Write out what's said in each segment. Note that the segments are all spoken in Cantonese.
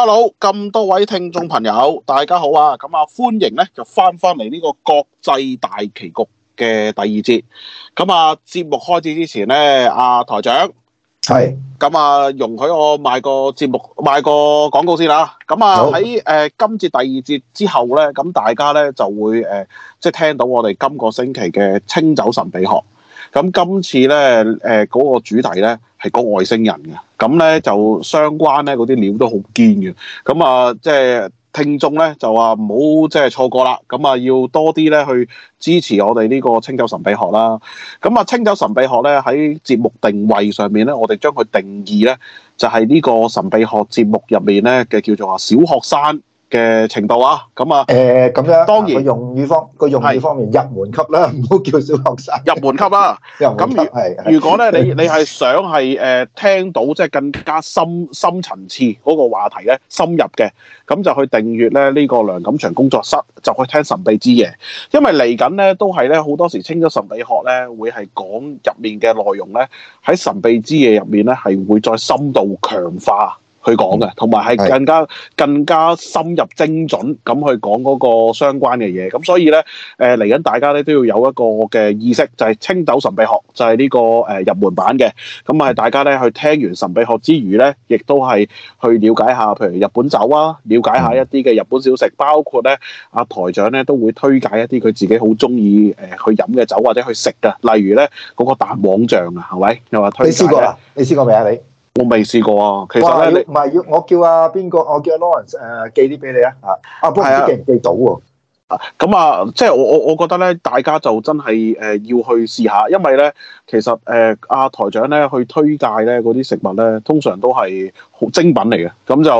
Hello，咁多位聽眾朋友，大家好啊！咁啊，歡迎咧就翻翻嚟呢個國際大棋局嘅第二節。咁啊，節目開始之前咧，阿、啊、台長係，咁啊是，容許我賣個節目，賣個廣告先啦。咁啊，喺誒好、呃、今節第二節之後咧，咁大家咧就會誒、呃，即係聽到我哋今個星期嘅清酒神秘學。咁今次咧，誒、呃、嗰、那個主題咧。係個外星人嘅，咁咧就相關咧嗰啲料都好堅嘅，咁啊即係，就是，聽眾咧就話唔好即係錯過啦，咁啊要多啲咧去支持我哋呢個清酒神秘學啦。咁啊清酒神秘學咧喺節目定位上面咧，我哋將佢定義咧就係、是，呢個神秘學節目入面咧嘅叫做啊小學生。嘅程度啊，咁、嗯、啊，誒咁樣當然用語方個用語方面是入門級啦，唔好叫小學生入門級啦。咁如如果咧，你你係想係誒聽到即係更加深深層次嗰個話題咧，深入嘅，咁就去訂閱咧呢個梁錦祥工作室，就去聽《神秘之夜》。因為嚟緊咧都係咧好多時清咗神秘學咧，會係講入面嘅內容咧喺《神秘之夜》入面咧係會再深度強化。佢講嘅，同埋係更加的更加深入精準咁去講嗰個相關嘅嘢，咁所以咧，誒嚟緊大家咧都要有一個嘅意識，就係清酒神秘學，就係、是、呢、這個誒、呃、入門版嘅，咁係大家咧去聽完神秘學之餘咧，亦都係去了解下，譬如日本酒啊，了解一下一啲嘅日本小食，嗯、包括咧阿、啊、台長咧都會推介一啲佢自己好鍾意誒去飲嘅酒或者去食嘅，例如咧嗰、那個蛋黃醬啊，係咪又話推介嘅？你試過啦？你試過未啊？你？我未試過啊，其實咧，唔係要，你要我叫阿、啊、邊個，我叫、啊、Lawrence 誒、呃、寄啲俾你啊，嚇、啊，阿 Lawrence 寄唔寄到啊，啊？咁、嗯、啊，即係我我我覺得咧，大家就真係誒、呃、要去試下，因為咧，其實誒阿、呃啊、台長咧去推介咧嗰啲食物咧，通常都係。好精品嚟嘅，咁就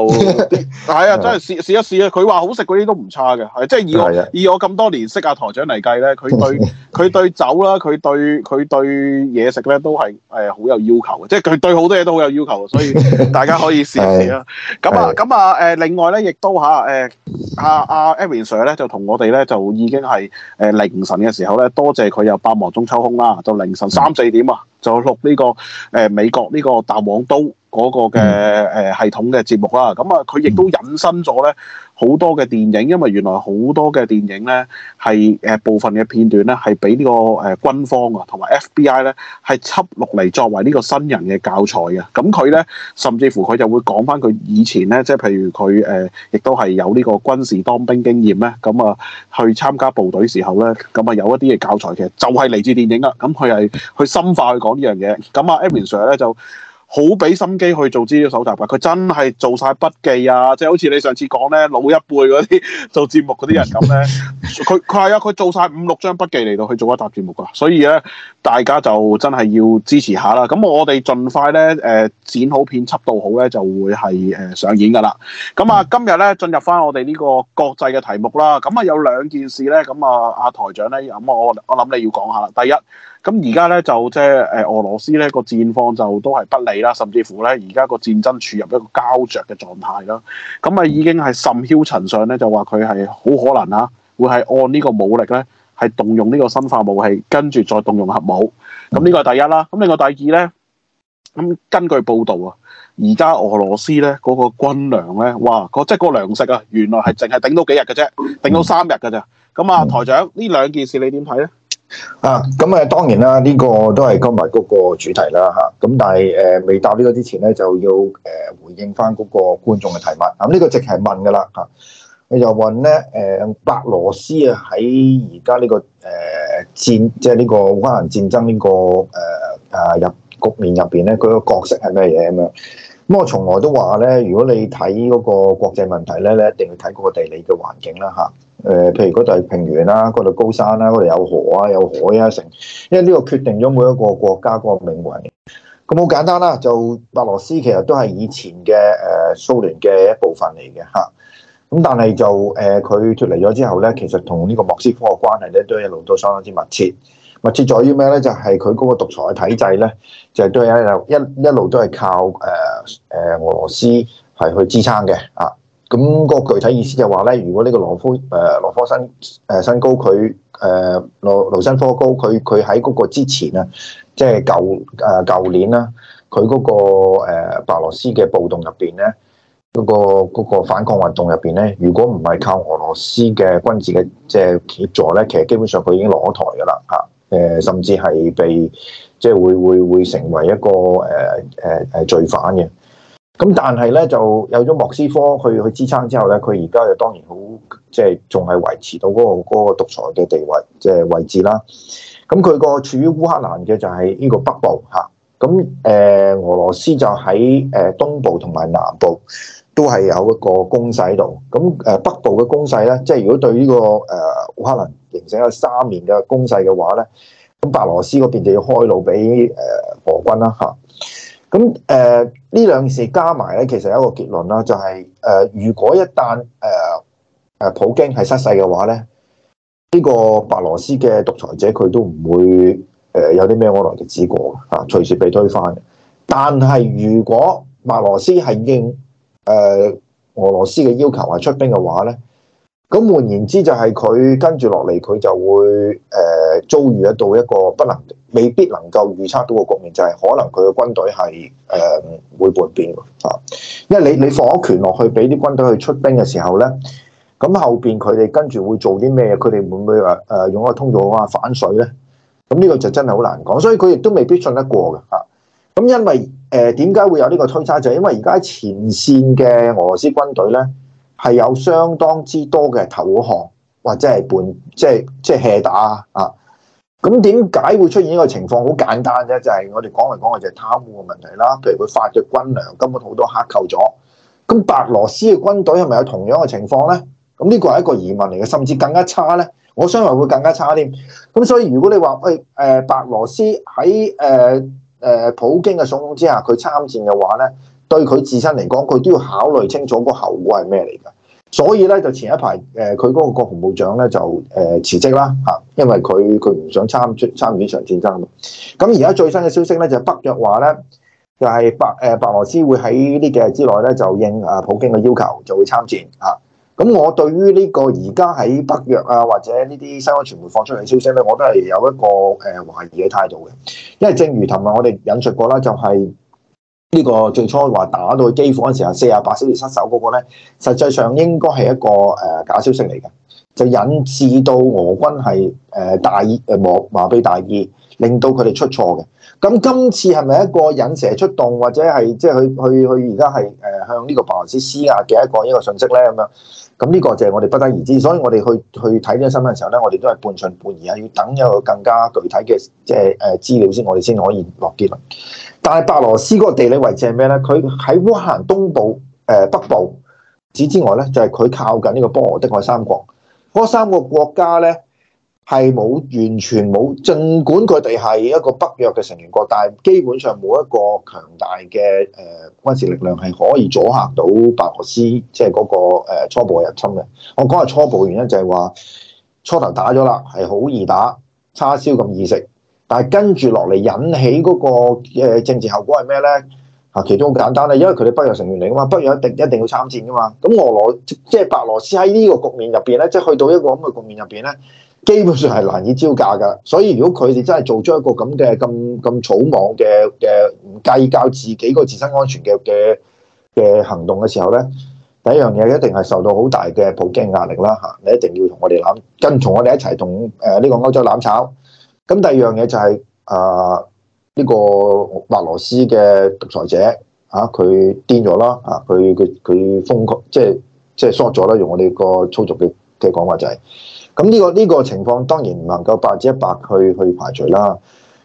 係 啊，真係試試一試啊！佢話好食嗰啲都唔差嘅，係即係以我 以我咁多年識阿台長嚟計咧，佢對佢對酒啦，佢對佢對嘢食咧都係誒好有要求嘅，即係佢對好多嘢都好有要求，所以大家可以試一試咁 啊咁啊誒，另外咧亦都吓誒阿阿 Adrian Sir 咧就同我哋咧就已經係誒、呃、凌晨嘅時候咧，多謝佢又百忙中抽空啦，就凌晨三四點啊，就錄呢個誒美國呢個大王刀。嗰個嘅誒系統嘅節目啦，咁啊佢亦都引申咗咧好多嘅電影，因為原來好多嘅電影咧係誒部分嘅片段咧係俾呢個誒軍方啊同埋 FBI 咧係輯落嚟作為呢個新人嘅教材嘅。咁佢咧甚至乎佢就會講返佢以前咧，即係譬如佢誒亦都係有呢個軍事當兵經驗咧，咁啊去參加部隊時候咧，咁啊有一啲嘅教材嘅就係嚟自電影啊。咁佢係去深化去講呢樣嘢。咁阿 Emil Sir 咧就。好俾心機去做資料搜集噶，佢真係做晒筆記啊！即係好似你上次講咧，老一輩嗰啲做節目嗰啲人咁咧，佢佢係啊，佢做晒五六張筆記嚟到去做一集節目噶，所以咧大家就真係要支持下啦。咁我哋盡快咧誒、呃、剪好片輯到好咧，就會係誒上演噶啦。咁啊，今日咧進入翻我哋呢個國際嘅題目啦。咁啊，有兩件事咧，咁啊阿、啊、台長咧，咁我我諗你要講下啦。第一。咁而家咧就即係誒俄羅斯咧個戰況就都係不利啦，甚至乎咧而家個戰爭處入一個膠着嘅狀態啦。咁啊已經係甚囂塵上咧，就話佢係好可能啊，會係按呢個武力咧係動用呢個生化武器，跟住再動用核武。咁呢個係第一啦。咁另外第二咧，咁根據報道啊，而家俄羅斯咧嗰個軍糧咧，哇！嗰即係嗰糧食啊，原來係淨係頂到幾日嘅啫，頂到三日㗎咋。咁啊，台長呢兩件事你點睇咧？啊，咁啊，當然啦，呢、這個都係今日嗰個主題啦，吓，咁但係誒未答呢個之前咧，就要誒回應翻嗰個觀眾嘅提問。咁、這、呢個直情係問噶啦，吓、啊，你就問咧，誒，白羅斯在在、這個、啊喺而家呢個誒戰，即係呢個烏克蘭戰爭呢、這個誒啊入局面入邊咧，佢個角色係咩嘢咁樣？咁、啊、我從來都話咧，如果你睇嗰個國際問題咧，你一定要睇嗰個地理嘅環境啦，吓、啊。誒，譬如嗰度係平原啦、啊，嗰度高山啦、啊，嗰度有河啊，有海啊，成，因為呢個決定咗每一個國家個命運。咁好簡單啦，就白俄羅斯其實都係以前嘅誒蘇聯嘅一部分嚟嘅嚇。咁但係就誒佢脫離咗之後咧，其實同呢個莫斯科嘅關係咧，都一路都相當之密切。密切在於咩咧？就係佢嗰個獨裁嘅體制咧，就係、是、都係一一路都係靠誒誒俄羅斯係去支撐嘅啊。咁個具體意思就話咧，如果呢個羅夫誒羅科新誒新高佢誒羅羅新科高佢佢喺嗰個之前啊，即係舊誒舊年啦，佢嗰個誒白羅斯嘅暴動入邊咧，嗰個嗰個反抗運動入邊咧，如果唔係靠俄羅斯嘅軍事嘅即係協助咧，其實基本上佢已經落台噶啦嚇，誒甚至係被即係、就是、會會會成為一個誒誒誒罪犯嘅。咁但係咧，就有咗莫斯科去去支撐之後咧，佢而家就當然好，即係仲係維持到嗰、那個嗰、那個、獨裁嘅地位，即、就、係、是、位置啦。咁佢個處於烏克蘭嘅就係呢個北部嚇，咁、啊、誒俄羅斯就喺誒東部同埋南部都係有一個攻勢喺度。咁誒北部嘅攻勢咧，即係如果對呢個誒烏克蘭形成一三面嘅攻勢嘅話咧，咁白俄羅斯嗰邊就要開路俾誒俄軍啦嚇。啊。咁誒呢兩件事加埋咧，其實有一個結論啦，就係、是、誒、呃、如果一旦誒誒、呃、普京係失勢嘅話咧，呢、這個白羅斯嘅獨裁者佢都唔會誒、呃、有啲咩可來嘅資格啊，隨時被推翻。但係如果白羅斯應、呃、俄羅斯係應誒俄羅斯嘅要求係出兵嘅話咧，咁換言之就係佢跟住落嚟佢就會誒。呃遭遇得到一個不能未必能夠預測到嘅局面，就係、是、可能佢嘅軍隊係誒、嗯、會叛變啊！因為你你放咗權落去俾啲軍隊去出兵嘅時候咧，咁後邊佢哋跟住會做啲咩？佢哋會唔會話誒、呃、用一個通道啊反水咧？咁呢個就真係好難講，所以佢亦都未必信得過嘅吓。咁因為誒點解會有呢個推測？就係、是、因為而家喺前線嘅俄羅斯軍隊咧，係有相當之多嘅投降或者係叛即係即係 hea 打啊！咁點解會出現呢個情況？好簡單啫，就係、是、我哋講嚟講去就係貪污嘅問題啦。譬如佢發咗軍糧，根本好多克扣咗。咁白羅斯嘅軍隊係咪有同樣嘅情況呢？咁呢個係一個疑問嚟嘅，甚至更加差呢。我相信會更加差添。咁所以如果你話誒誒白羅斯喺誒誒普京嘅慫恿之下，佢參戰嘅話呢，對佢自身嚟講，佢都要考慮清楚個後果係咩嚟嘅。所以咧就前一排誒佢嗰個國防部長咧就誒辭職啦嚇，因為佢佢唔想參出參與呢場戰爭。咁而家最新嘅消息咧就北約話咧就係白誒白俄斯會喺呢幾日之內咧就應啊普京嘅要求就會參戰啊。咁我對於呢個而家喺北約啊或者呢啲西方傳媒放出嚟嘅消息咧，我都係有一個誒懷疑嘅態度嘅，因為正如琴日我哋引述過啦，就係、是。呢個最初話打到去基輔嗰陣時候，四十八小時失守嗰個咧，實際上應該係一個誒假消息嚟嘅，就引致到俄軍係誒大意誒冇麻痹大意，令到佢哋出錯嘅。咁今次係咪一個引蛇出洞，或者係即係佢佢佢而家係誒向呢個白俄羅斯施壓嘅一個呢個信息咧？咁樣，咁呢個就係我哋不得而知。所以我哋去去睇呢啲新聞嘅時候咧，我哋都係半信半疑啊，要等有更加具體嘅即係誒資料先，我哋先可以落結論。但係白羅斯嗰個地理位置係咩咧？佢喺烏克蘭東部、誒、呃、北部此之外咧，就係、是、佢靠近呢個波羅的海三國。嗰三個國家咧係冇完全冇，儘管佢哋係一個北約嘅成員國，但係基本上冇一個強大嘅誒軍事力量係可以阻嚇到白羅斯即係嗰個初步入侵嘅。我講下初步原因就係話，初頭打咗啦，係好易打，叉燒咁易食。但係跟住落嚟引起嗰個政治後果係咩咧？啊，其中好簡單啦，因為佢哋北約成員嚟噶嘛，北約一定一定要參戰噶嘛。咁俄羅即係白羅斯喺呢個局面入邊咧，即係去到一個咁嘅局面入邊咧，基本上係難以招架噶。所以如果佢哋真係做出一個咁嘅咁咁草莽嘅嘅唔計較自己個自身安全嘅嘅嘅行動嘅時候咧，第一樣嘢一定係受到好大嘅普京壓力啦嚇。你一定要同我哋攬跟從我哋一齊同誒呢個歐洲攬炒。咁第二樣嘢就係、是、啊呢、這個白羅斯嘅獨裁者嚇，佢癲咗啦，啊佢佢佢瘋狂、啊、即係即係縮咗啦，用我哋個粗俗嘅嘅講法就係咁，呢個呢、這個情況當然唔能夠百分之一百去去排除啦。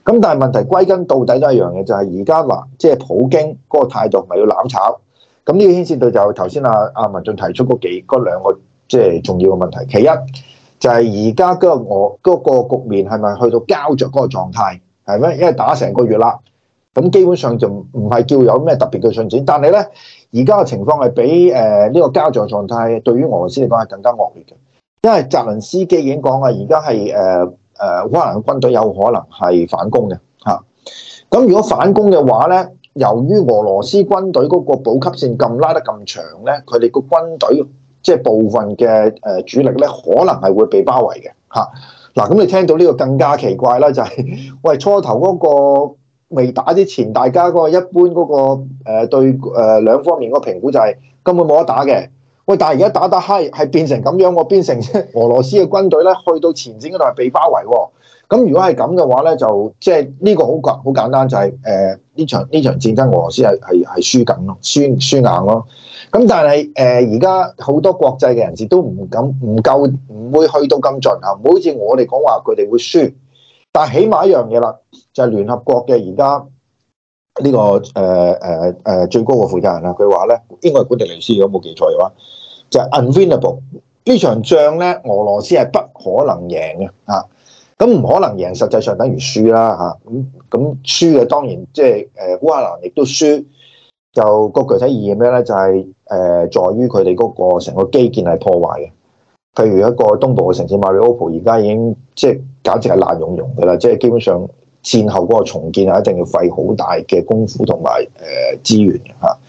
咁但係問題歸根到底都係一樣嘢，就係而家話即係普京嗰個態度咪要攬炒？咁呢個牽涉到就頭先啊啊文進提出嗰幾嗰兩個即係重要嘅問題，其一。就係而家嗰個俄嗰局面係咪去到膠着嗰個狀態？係咩？因為打成個月啦，咁基本上就唔係叫有咩特別嘅進展。但係咧，而家嘅情況係比誒呢個膠着狀態對於俄羅斯嚟講係更加惡劣嘅，因為澤倫斯基已經講啊，而家係誒誒烏克蘭嘅軍隊有可能係反攻嘅嚇。咁、啊、如果反攻嘅話咧，由於俄羅斯軍隊嗰個補給線咁拉得咁長咧，佢哋個軍隊。即係部分嘅誒主力咧，可能係會被包圍嘅嚇。嗱、啊，咁你聽到呢個更加奇怪啦，就係、是、喂初頭嗰、那個未打之前，大家嗰、那個一般嗰、那個誒、呃、對誒、呃、兩方面個評估就係、是、根本冇得打嘅。喂，但係而家打得 high 係變成咁樣，我變成俄羅斯嘅軍隊咧，去到前線嗰度係被包圍喎。咁如果係咁嘅話咧，就即係呢個好簡好簡單，就係誒呢場呢場戰爭，俄羅斯係係係輸緊咯，輸輸硬咯。咁但係誒而家好多國際嘅人士都唔敢唔夠唔會去到咁盡啊，唔會好似我哋講話佢哋會輸。但係起碼一樣嘢啦，就係聯合國嘅而家呢個誒誒誒最高嘅負責人啦，佢話咧應該係古迪雷斯，如果冇記錯嘅話，就係 unwinnable 呢場仗咧，俄羅斯係不可能贏嘅啊！咁唔可能贏，實際上等於輸啦嚇。咁、嗯、咁輸嘅當然即係誒烏克蘭亦都輸，就、個具體意義咩咧？就係、是、誒、呃，在於佢哋嗰個成個基建係破壞嘅。譬如一個東部嘅城市馬里奧普而家已經即係簡直係爛溶溶嘅啦，即係基本上戰後嗰個重建啊，一定要費好大嘅功夫同埋誒資源嚇。嗯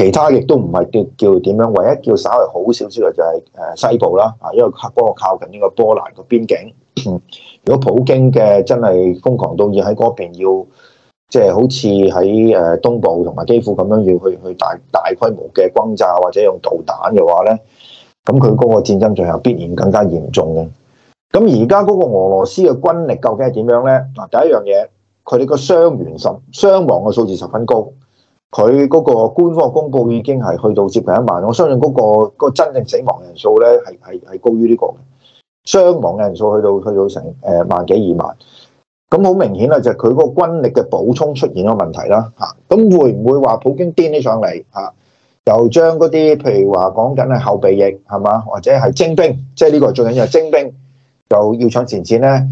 其他亦都唔係叫叫點樣，唯一叫稍為好少少嘅就係誒西部啦，啊，因為佢嗰個靠近呢個波蘭個邊境。如果普京嘅真係瘋狂到要喺嗰邊要，即係好似喺誒東部同埋基輔咁樣要去去大大規模嘅轟炸或者用導彈嘅話咧，咁佢嗰個戰爭最後必然更加嚴重嘅。咁而家嗰個俄羅斯嘅軍力究竟係點樣咧？嗱，第一樣嘢，佢哋個傷員甚傷亡嘅數字十分高。佢嗰個官方公布已經係去到接近一萬，我相信嗰、嗰個、嗰個真正死亡人數咧係係係高於呢個嘅，傷亡嘅人數去到去到成誒、呃、萬幾二萬，咁好明顯啦，就係佢嗰個軍力嘅補充出現咗問題啦吓，咁、啊、會唔會話普京癲起上嚟吓，又將嗰啲譬如話講緊係後備役係嘛，或者係精兵，即係呢個最緊要係精兵，又要搶前線咧？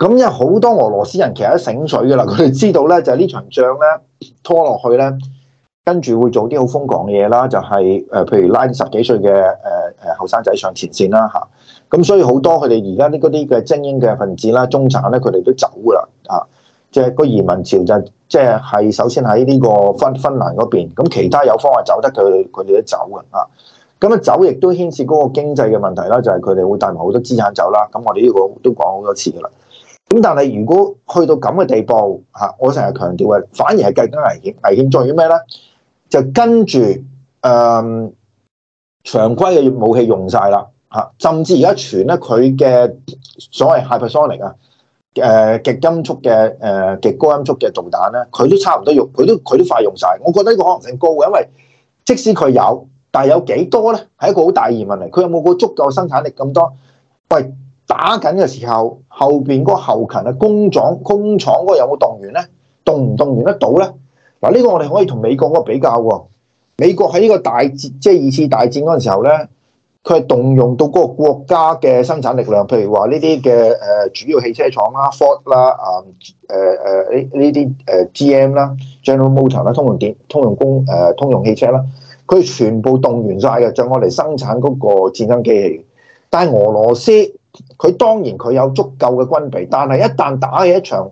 咁因為好多俄羅斯人其實都醒水噶啦，佢哋知道咧就係呢場仗咧拖落去咧，跟住會做啲好瘋狂嘅嘢啦，就係誒譬如拉啲十幾歲嘅誒誒後生仔上前線啦嚇。咁所以好多佢哋而家啲嗰啲嘅精英嘅分子啦、中產咧，佢哋都走噶啦啊！即係個移民潮就即係係首先喺呢個芬芬蘭嗰邊，咁其他有方法走得佢佢哋都走噶啊。咁啊走亦都牽涉嗰個經濟嘅問題啦，就係佢哋會帶埋好多資產走啦。咁我哋呢個都講好多次噶啦。咁但係如果去到咁嘅地步，嚇我成日強調嘅，反而係更加危險。危險在於咩咧？就跟住誒、嗯，常規嘅武器用晒啦，嚇！甚至而家傳咧，佢嘅所謂 hypersonic 啊、呃，誒極音速嘅誒、呃、極高音速嘅導彈咧，佢都差唔多用，佢都佢都快用晒。我覺得呢個可能性高嘅，因為即使佢有，但係有幾多咧？係一個好大疑問嚟。佢有冇個足夠生產力咁多？喂！打緊嘅時候，後邊嗰個後勤啊、工廠、工廠嗰個有冇動員咧？動唔動員得到咧？嗱，呢個我哋可以同美國嗰個比較喎。美國喺呢個大戰，即係二次大戰嗰陣時候咧，佢係動用到嗰個國家嘅生產力量，譬如話呢啲嘅誒主要汽車廠啦、Ford 啦啊誒誒呢呢啲誒 GM 啦、General Motor 啦、通用電通用工誒、呃、通用汽車啦，佢全部動員晒嘅，就我嚟生產嗰個戰爭機器。但係俄羅斯。佢當然佢有足夠嘅軍備，但係一旦打起一場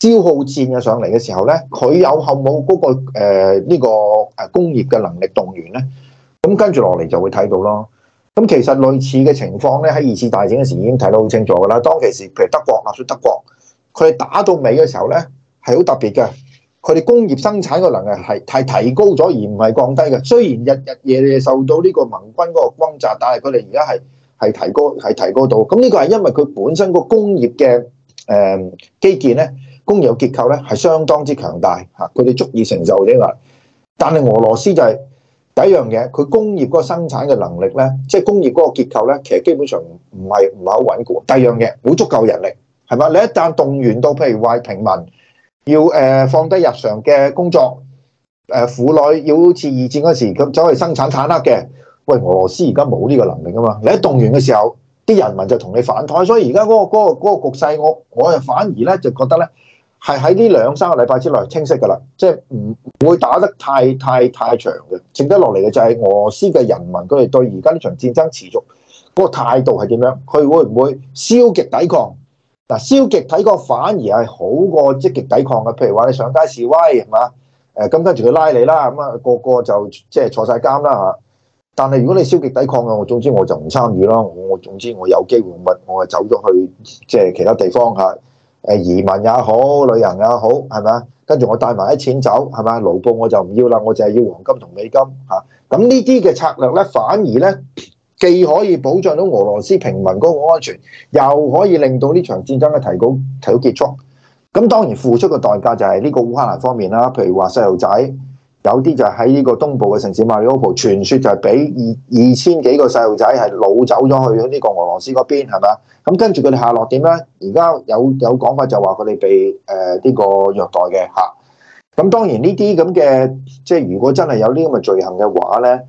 消耗戰嘅上嚟嘅時候呢，佢有後冇嗰個呢、呃這個誒工業嘅能力動員呢？咁、嗯、跟住落嚟就會睇到咯。咁、嗯、其實類似嘅情況呢，喺二次大戰嘅時已經睇到好清楚噶啦。當其時譬如德國，納粹德國，佢打到尾嘅時候呢係好特別嘅。佢哋工業生產嘅能力係係提高咗，而唔係降低嘅。雖然日日夜夜受到呢個盟軍嗰個轟炸，但係佢哋而家係。係提高，係提高到咁，呢個係因為佢本身個工業嘅誒基建咧，工業結構咧，係相當之強大吓，佢哋足以承受呢個。但係俄羅斯就係、是、第一樣嘢，佢工業嗰個生產嘅能力咧，即係工業嗰個結構咧，其實基本上唔係唔係好穩固。第二樣嘢冇足夠人力，係嘛？你一旦動員到，譬如話平民要誒放低日常嘅工作，誒婦女要好似二戰嗰時咁走去生產坦克嘅。喂，俄羅斯而家冇呢個能力啊嘛！你一動員嘅時候，啲人民就同你反台，所以而家嗰個嗰個嗰個局勢，我我又反而咧就覺得咧，係喺呢兩三個禮拜之內清晰嘅啦，即係唔會打得太太太長嘅。剩得落嚟嘅就係俄羅斯嘅人民佢哋對而家呢場戰爭持續嗰個態度係點樣？佢會唔會消極抵抗？嗱，消極抵抗反而係好過積極抵抗嘅。譬如話你上街示威係嘛？誒咁跟住佢拉你啦，咁啊個個就即係坐晒監啦嚇。但係如果你消極抵抗嘅，我總之我就唔參與啦。我我總之我有機會問，我我走咗去即係其他地方嚇，誒移民也好，旅行也好，係咪？跟住我帶埋啲錢走，係咪啊？盧布我就唔要啦，我淨係要黃金同美金嚇。咁呢啲嘅策略咧，反而咧既可以保障到俄羅斯平民嗰個安全，又可以令到呢場戰爭嘅提高提早結束。咁當然付出嘅代價就係呢個烏克蘭方面啦，譬如話細路仔。有啲就係喺呢個東部嘅城市馬里烏波，傳說就係俾二二千幾個細路仔係擄走咗去咗呢個俄羅斯嗰邊，係嘛？咁跟住佢哋下落點咧？而家有有，有講法就話佢哋被誒呢、呃這個虐待嘅吓。咁當然呢啲咁嘅，即係如果真係有呢咁嘅罪行嘅話咧，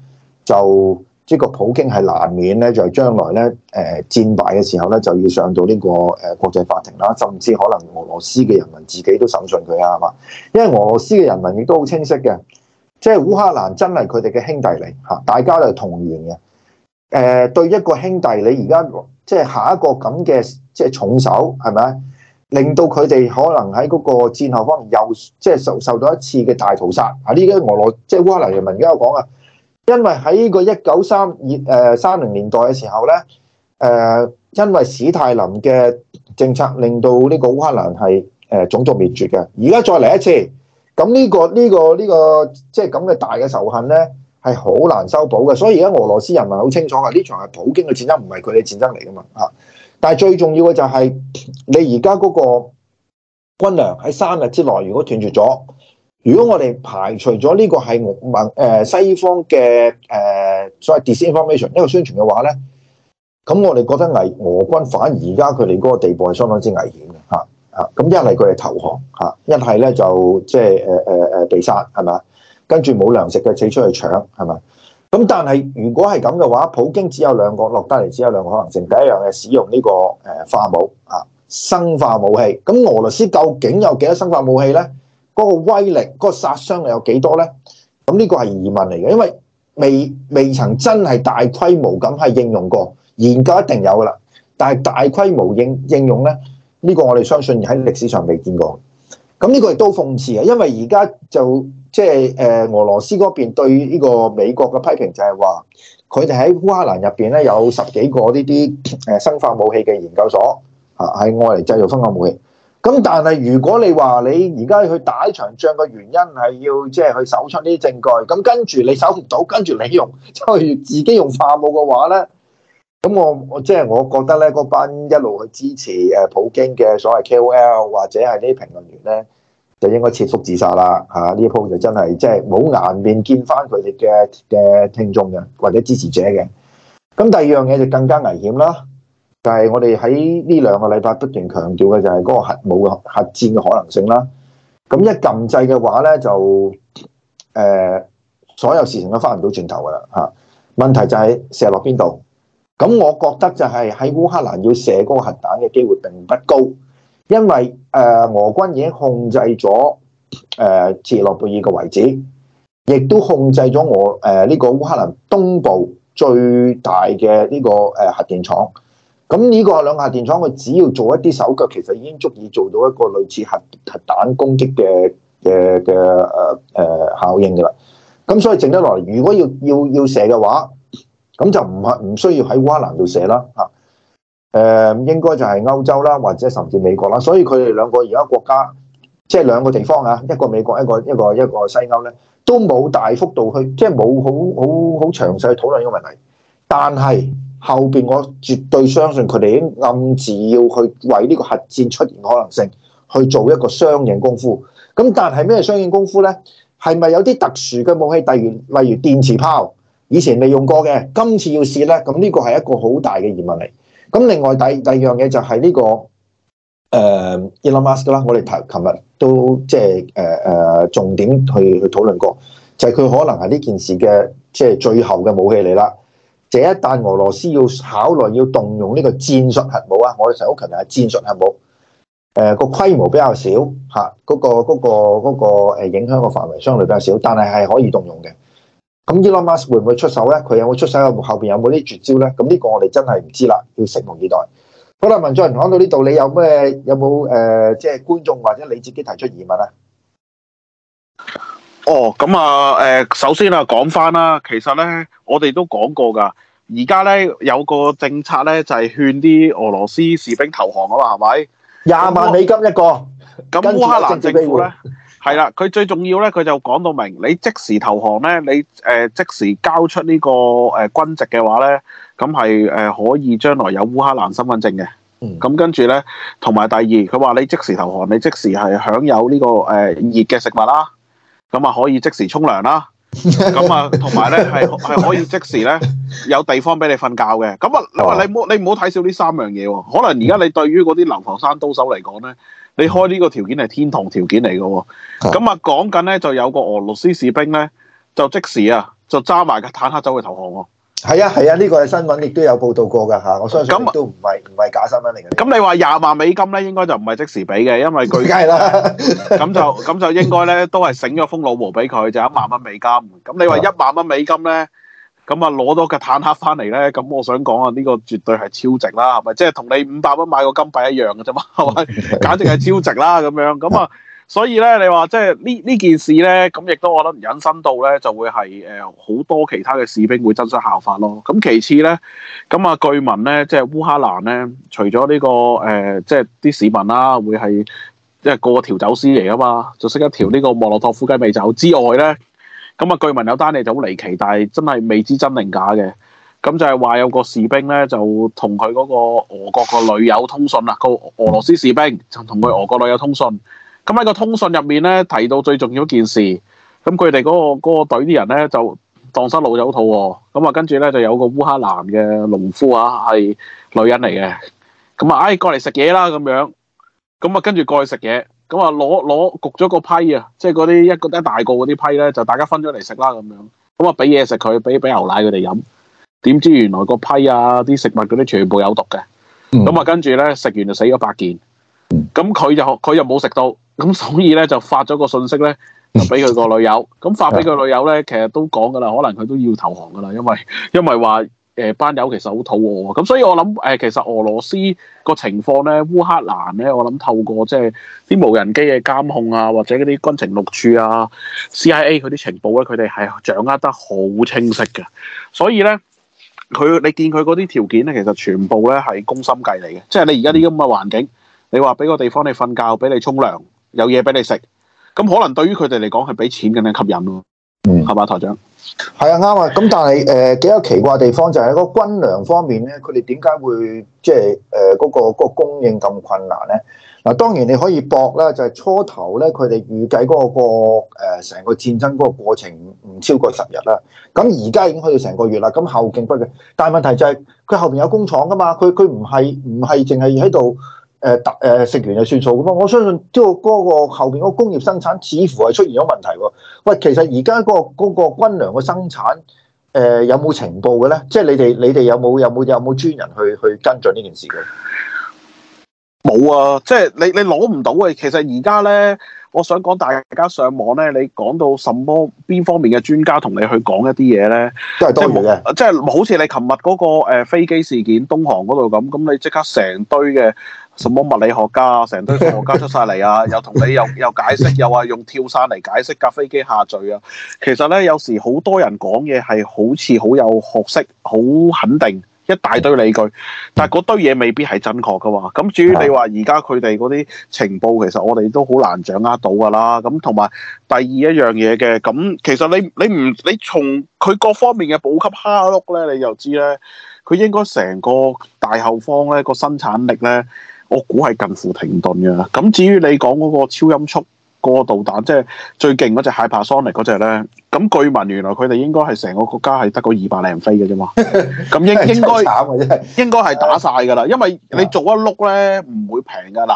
就呢、這個普京係難免咧，就係、將來咧誒、呃、戰敗嘅時候咧，就要上到呢個誒國際法庭啦，甚至可能俄羅斯嘅人民自己都審訊佢啊，係嘛？因為俄羅斯嘅人民亦都好清晰嘅。即係烏克蘭真係佢哋嘅兄弟嚟嚇，大家都係同源嘅。誒、呃、對一個兄弟，你而家即係下一個咁嘅即係重手，係咪令到佢哋可能喺嗰個戰後方面又即係受受到一次嘅大屠殺啊！呢、這個俄羅即係烏克蘭人民而家有講啊，因為喺個一九三二誒三零年代嘅時候咧，誒、呃、因為史泰林嘅政策令到呢個烏克蘭係誒種族滅絕嘅，而家再嚟一次。咁呢個呢個呢個即係咁嘅大嘅仇恨呢，係好難修補嘅。所以而家俄羅斯人民好清楚嘅，呢場係普京嘅戰爭，唔係佢哋戰爭嚟噶嘛嚇、啊。但係最重要嘅就係你而家嗰個軍糧喺三日之內，如果斷絕咗，如果我哋排除咗呢個係俄文誒西方嘅誒、呃、所謂 disinformation 一個宣傳嘅話呢，咁我哋覺得危俄軍反而而家佢哋嗰個地步係相當之危險。嚇，咁一嚟佢哋投降，嚇，一係咧就即係誒誒誒被殺，係嘛？跟住冇糧食嘅，整出去搶，係嘛？咁但係如果係咁嘅話，普京只有兩個落得嚟，只有兩個可能性，第一樣係使用呢個誒化武啊生化武器，咁俄羅斯究竟有幾多生化武器咧？嗰、那個威力、嗰、那個殺傷力有幾多咧？咁呢個係疑問嚟嘅，因為未未曾真係大規模咁係應用過，研究一定有噶啦，但係大規模應應用咧。呢個我哋相信喺歷史上未見過，咁呢個亦都諷刺嘅，因為而家就即係誒俄羅斯嗰邊對呢個美國嘅批評就係話，佢哋喺烏克蘭入邊咧有十幾個呢啲誒生化武器嘅研究所，係用嚟製造生化武器。咁但係如果你話你而家去打一場仗嘅原因係要即係去搜出呢啲證據，咁跟住你搜唔到，跟住你用即係自己用化武嘅話咧？咁我我即係我覺得咧，嗰班一路去支持誒普京嘅所謂 KOL 或者係啲評論員咧，就應該切腹自殺啦！嚇、啊，呢一鋪就真係即係冇顏面見翻佢哋嘅嘅聽眾嘅或者支持者嘅。咁第二樣嘢就更加危險啦，但、就、係、是、我哋喺呢兩個禮拜不斷強調嘅就係嗰個核武核戰嘅可能性啦。咁一㩒掣嘅話咧，就誒、呃、所有事情都翻唔到轉頭噶啦嚇。問題就係射落邊度？咁我覺得就係喺烏克蘭要射嗰個核彈嘅機會並不高，因為誒俄軍已經控制咗誒切爾諾貝爾嘅位置，亦都控制咗我誒呢個烏克蘭東部最大嘅呢個誒核電廠。咁呢個兩核電廠，佢只要做一啲手腳，其實已經足以做到一個類似核核彈攻擊嘅嘅嘅誒誒效應噶啦。咁所以剩得落嚟，如果要要要射嘅話。咁就唔係唔需要喺烏克蘭度寫啦嚇，誒、嗯、應該就係歐洲啦，或者甚至美國啦，所以佢哋兩個而家國家，即係兩個地方啊，一個美國，一個一個一個西歐咧，都冇大幅度去，即係冇好好好詳細去討論呢個問題。但係後邊我絕對相信佢哋已經暗自要去為呢個核戰出現可能性去做一個相應功夫。咁但係咩相應功夫咧？係咪有啲特殊嘅武器？例如例如電磁炮？以前未用過嘅，今次要試咧，咁呢個係一個好大嘅疑問嚟。咁另外第第二樣嘢就係呢、這個誒伊爾瑪斯啦，呃、Musk，我哋尋日都即係誒誒重點去去討論過，就係、是、佢可能係呢件事嘅即係最後嘅武器嚟啦。這一旦俄羅斯要考慮要動用呢個戰術核武啊，我哋陳屋強就係戰術核武，誒、呃、個規模比較少嚇，嗰、啊那個嗰、那個那個影響嘅範圍相對比較少，但係係可以動用嘅。咁伊朗 o n 會唔會出手咧？佢有冇出手？後後邊有冇啲絕招咧？咁呢個我哋真係唔知啦，要拭目以待。好啦，民俊人講到呢度，你有咩有冇誒？即、呃、係、就是、觀眾或者你自己提出疑問啊？哦，咁啊誒，首先啊講翻啦，其實咧我哋都講過噶，而家咧有個政策咧就係、是、勸啲俄,俄羅斯士兵投降啊嘛，係咪？廿萬美金一個。咁烏克蘭政府咧？係啦，佢最重要咧，佢就講到明，你即時投降咧，你誒、呃、即時交出呢個誒軍籍嘅話咧，咁係誒可以將來有烏克蘭身份證嘅。嗯，嗯。咁跟住咧，同埋第二，佢話你即時投降，你即時係享有呢、這個誒、呃、熱嘅食物啦，咁啊可以即時沖涼啦，咁啊同埋咧係係可以即時咧有地方俾你瞓覺嘅。咁啊，你話你唔好你唔好睇少呢三樣嘢喎？可能而家你對於嗰啲流亡山刀手嚟講咧。你開呢個條件係天堂條件嚟嘅。哦，咁啊講緊咧就有個俄羅斯士兵咧就即時啊就揸埋個坦克走去投降喎。哦。係啊係啊，呢、啊呢個係新聞亦都有報道過噶吓，我相信都唔係唔係假新聞嚟嘅。咁你話廿萬美金咧，應該就唔係即時俾嘅，因為據計啦，咁然 就咁就應該咧都係醒咗封老毛俾佢就是，一萬蚊美金。咁你話一萬蚊美金咧？咁啊，攞到嘅坦克翻嚟咧，咁我想講啊，呢、這個絕對係超值啦，係咪？即係同你五百蚊買個金幣一樣嘅啫嘛，係咪？簡直係超值啦咁樣。咁、嗯、啊，所以咧，你話即係呢呢件事咧，咁亦都我覺得唔引申到咧，就會係誒好多其他嘅士兵會爭相效法咯。咁其次咧，咁啊據聞咧，即係烏克蘭咧，除咗呢、這個誒、呃，即係啲市民啦、啊，會係即係個條調酒師嚟啊嘛，就識一調呢個莫洛托夫雞尾酒之外咧。咁啊，據聞有單嘢就好離奇，但係真係未知真定假嘅。咁就係話有個士兵咧，就同佢嗰個俄國個女友通訊啦，個俄羅斯士兵就同佢俄國女友通訊。咁喺個通訊入面咧，提到最重要一件事，咁佢哋嗰個嗰、嗰個、隊啲人咧就蕩失路走套喎。咁啊，跟住咧就有個烏克蘭嘅農夫呀，係女人嚟嘅。咁啊、哎，哎過嚟食嘢啦咁樣。咁啊，跟住過去食嘢。咁啊，攞攞焗咗個批啊，即係嗰啲一個一大個嗰啲批咧，就大家分咗嚟食啦咁樣。咁啊，俾嘢食佢，俾俾牛奶佢哋飲。點知原來個批啊，啲食物嗰啲全部有毒嘅。咁啊、嗯，跟住咧食完就死咗百件。咁佢、嗯、就佢又冇食到，咁所以咧就發咗個訊息咧，就俾佢個女友。咁 發俾佢女友咧，其實都講㗎喇，可能佢都要投降㗎喇，因為因為話。誒班友其實好肚餓咁，所以我諗誒其實俄羅斯個情況咧，烏克蘭咧，我諗透過即係啲無人機嘅監控啊，或者嗰啲軍情六處啊、CIA 佢啲情報咧，佢哋係掌握得好清晰嘅。所以咧，佢你見佢嗰啲條件咧，其實全部咧係攻心計嚟嘅。即係你而家啲咁嘅環境，你話俾個地方你瞓覺，俾你沖涼，有嘢俾你食，咁可能對於佢哋嚟講係俾錢咁樣吸引咯。嗯，係嘛，台長，係啊，啱啊。咁但係誒，幾、呃、有奇怪地方就係喺嗰個軍糧方面咧，佢哋點解會即係誒嗰個個供應咁困難咧？嗱，當然你可以搏啦，就係、是、初頭咧，佢哋預計嗰、那個誒成、呃、個戰爭嗰個過程唔唔超過十日啦。咁而家已經去到成個月啦，咁後勁不嘅。但係問題就係、是、佢後邊有工廠噶嘛，佢佢唔係唔係淨係喺度。誒突食完就算數咁啊！我相信即係嗰個後邊個工業生產似乎係出現咗問題喎。喂，其實而家嗰個嗰個軍糧嘅生產誒有冇情報嘅咧？即係你哋你哋有冇有冇有冇專人去去跟進呢件事咧？冇啊！即係你你攞唔到啊。其實而家咧，我想講大家上網咧，你講到什麼邊方面嘅專家同你去講一啲嘢咧，都係冇嘅。即係好似你琴日嗰個誒飛機事件東航嗰度咁，咁你即刻成堆嘅。什麼物理學家成堆科學家出晒嚟啊！又同你又又解釋，又話用跳傘嚟解釋架飛機下墜啊！其實咧，有時好多人講嘢係好似好有學識、好肯定，一大堆理據，但係嗰堆嘢未必係正確㗎喎。咁至於你話而家佢哋嗰啲情報，其實我哋都好難掌握到㗎啦。咁同埋第二一樣嘢嘅，咁其實你你唔你從佢各方面嘅補給哈碌咧，你又知咧，佢應該成個大後方咧個生產力咧。我估係近乎停頓嘅啦。咁至於你講嗰個超音速。個導彈即係最勁嗰隻海帕桑尼嗰隻咧，咁據聞原來佢哋應該係成個國家係得個二百零飛嘅啫嘛，咁應 應該 應該係打晒㗎啦， 因為你做一碌咧唔會平㗎嗱，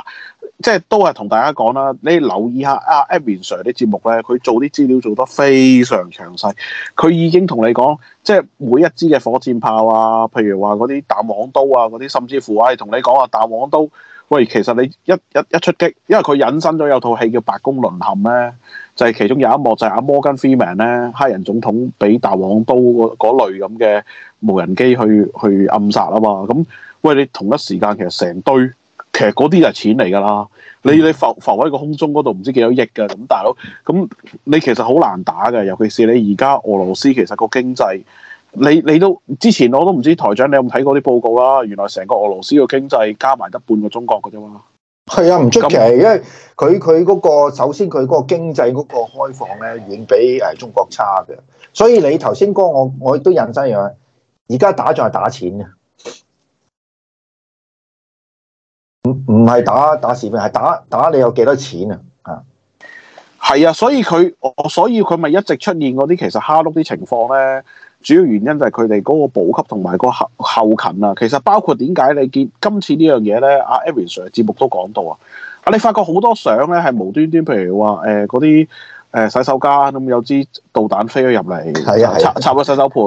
即係都係同大家講啦，你留意下阿 Abin Sir 啲節目咧，佢做啲資料做得非常詳細，佢已經同你講，即係每一支嘅火箭炮啊，譬如話嗰啲彈簧刀啊，嗰啲甚至乎啊，同你講啊彈簧刀。喂，其實你一一一出擊，因為佢引申咗有套戲叫《白宮淪陷》咧，就係、是、其中有一幕就係阿、啊、摩根菲曼咧黑人總統俾大王刀嗰類咁嘅無人機去去暗殺啊嘛。咁喂，你同一時間其實成堆，其實嗰啲就係錢嚟㗎啦。你你浮浮喺個空中嗰度唔知幾多億㗎咁，大佬咁你其實好難打㗎，尤其是你而家俄羅斯其實個經濟。你你都之前我都唔知台長你有冇睇過啲報告啦、啊？原來成個俄羅斯嘅經濟加埋得半個中國噶啫嘛。係啊，唔、啊、出奇，這樣 因為佢佢嗰個首先佢嗰個經濟嗰個開放咧遠比誒中國差嘅。所以你頭先講我我都印真樣，而家打仗係打錢嘅，唔唔係打打士兵，係打打你有幾多錢啊？啊，係啊，所以佢所以佢咪一直出現嗰啲其實蝦碌啲情況咧。主要原因就係佢哋嗰個補給同埋個後後勤啊，其實包括點解你見今次呢樣嘢咧？阿 Aaron Sir 節目都講到啊，你發覺好多相咧係無端端，譬如話誒嗰啲誒洗手間咁有支導彈飛咗入嚟，插插個洗手盆，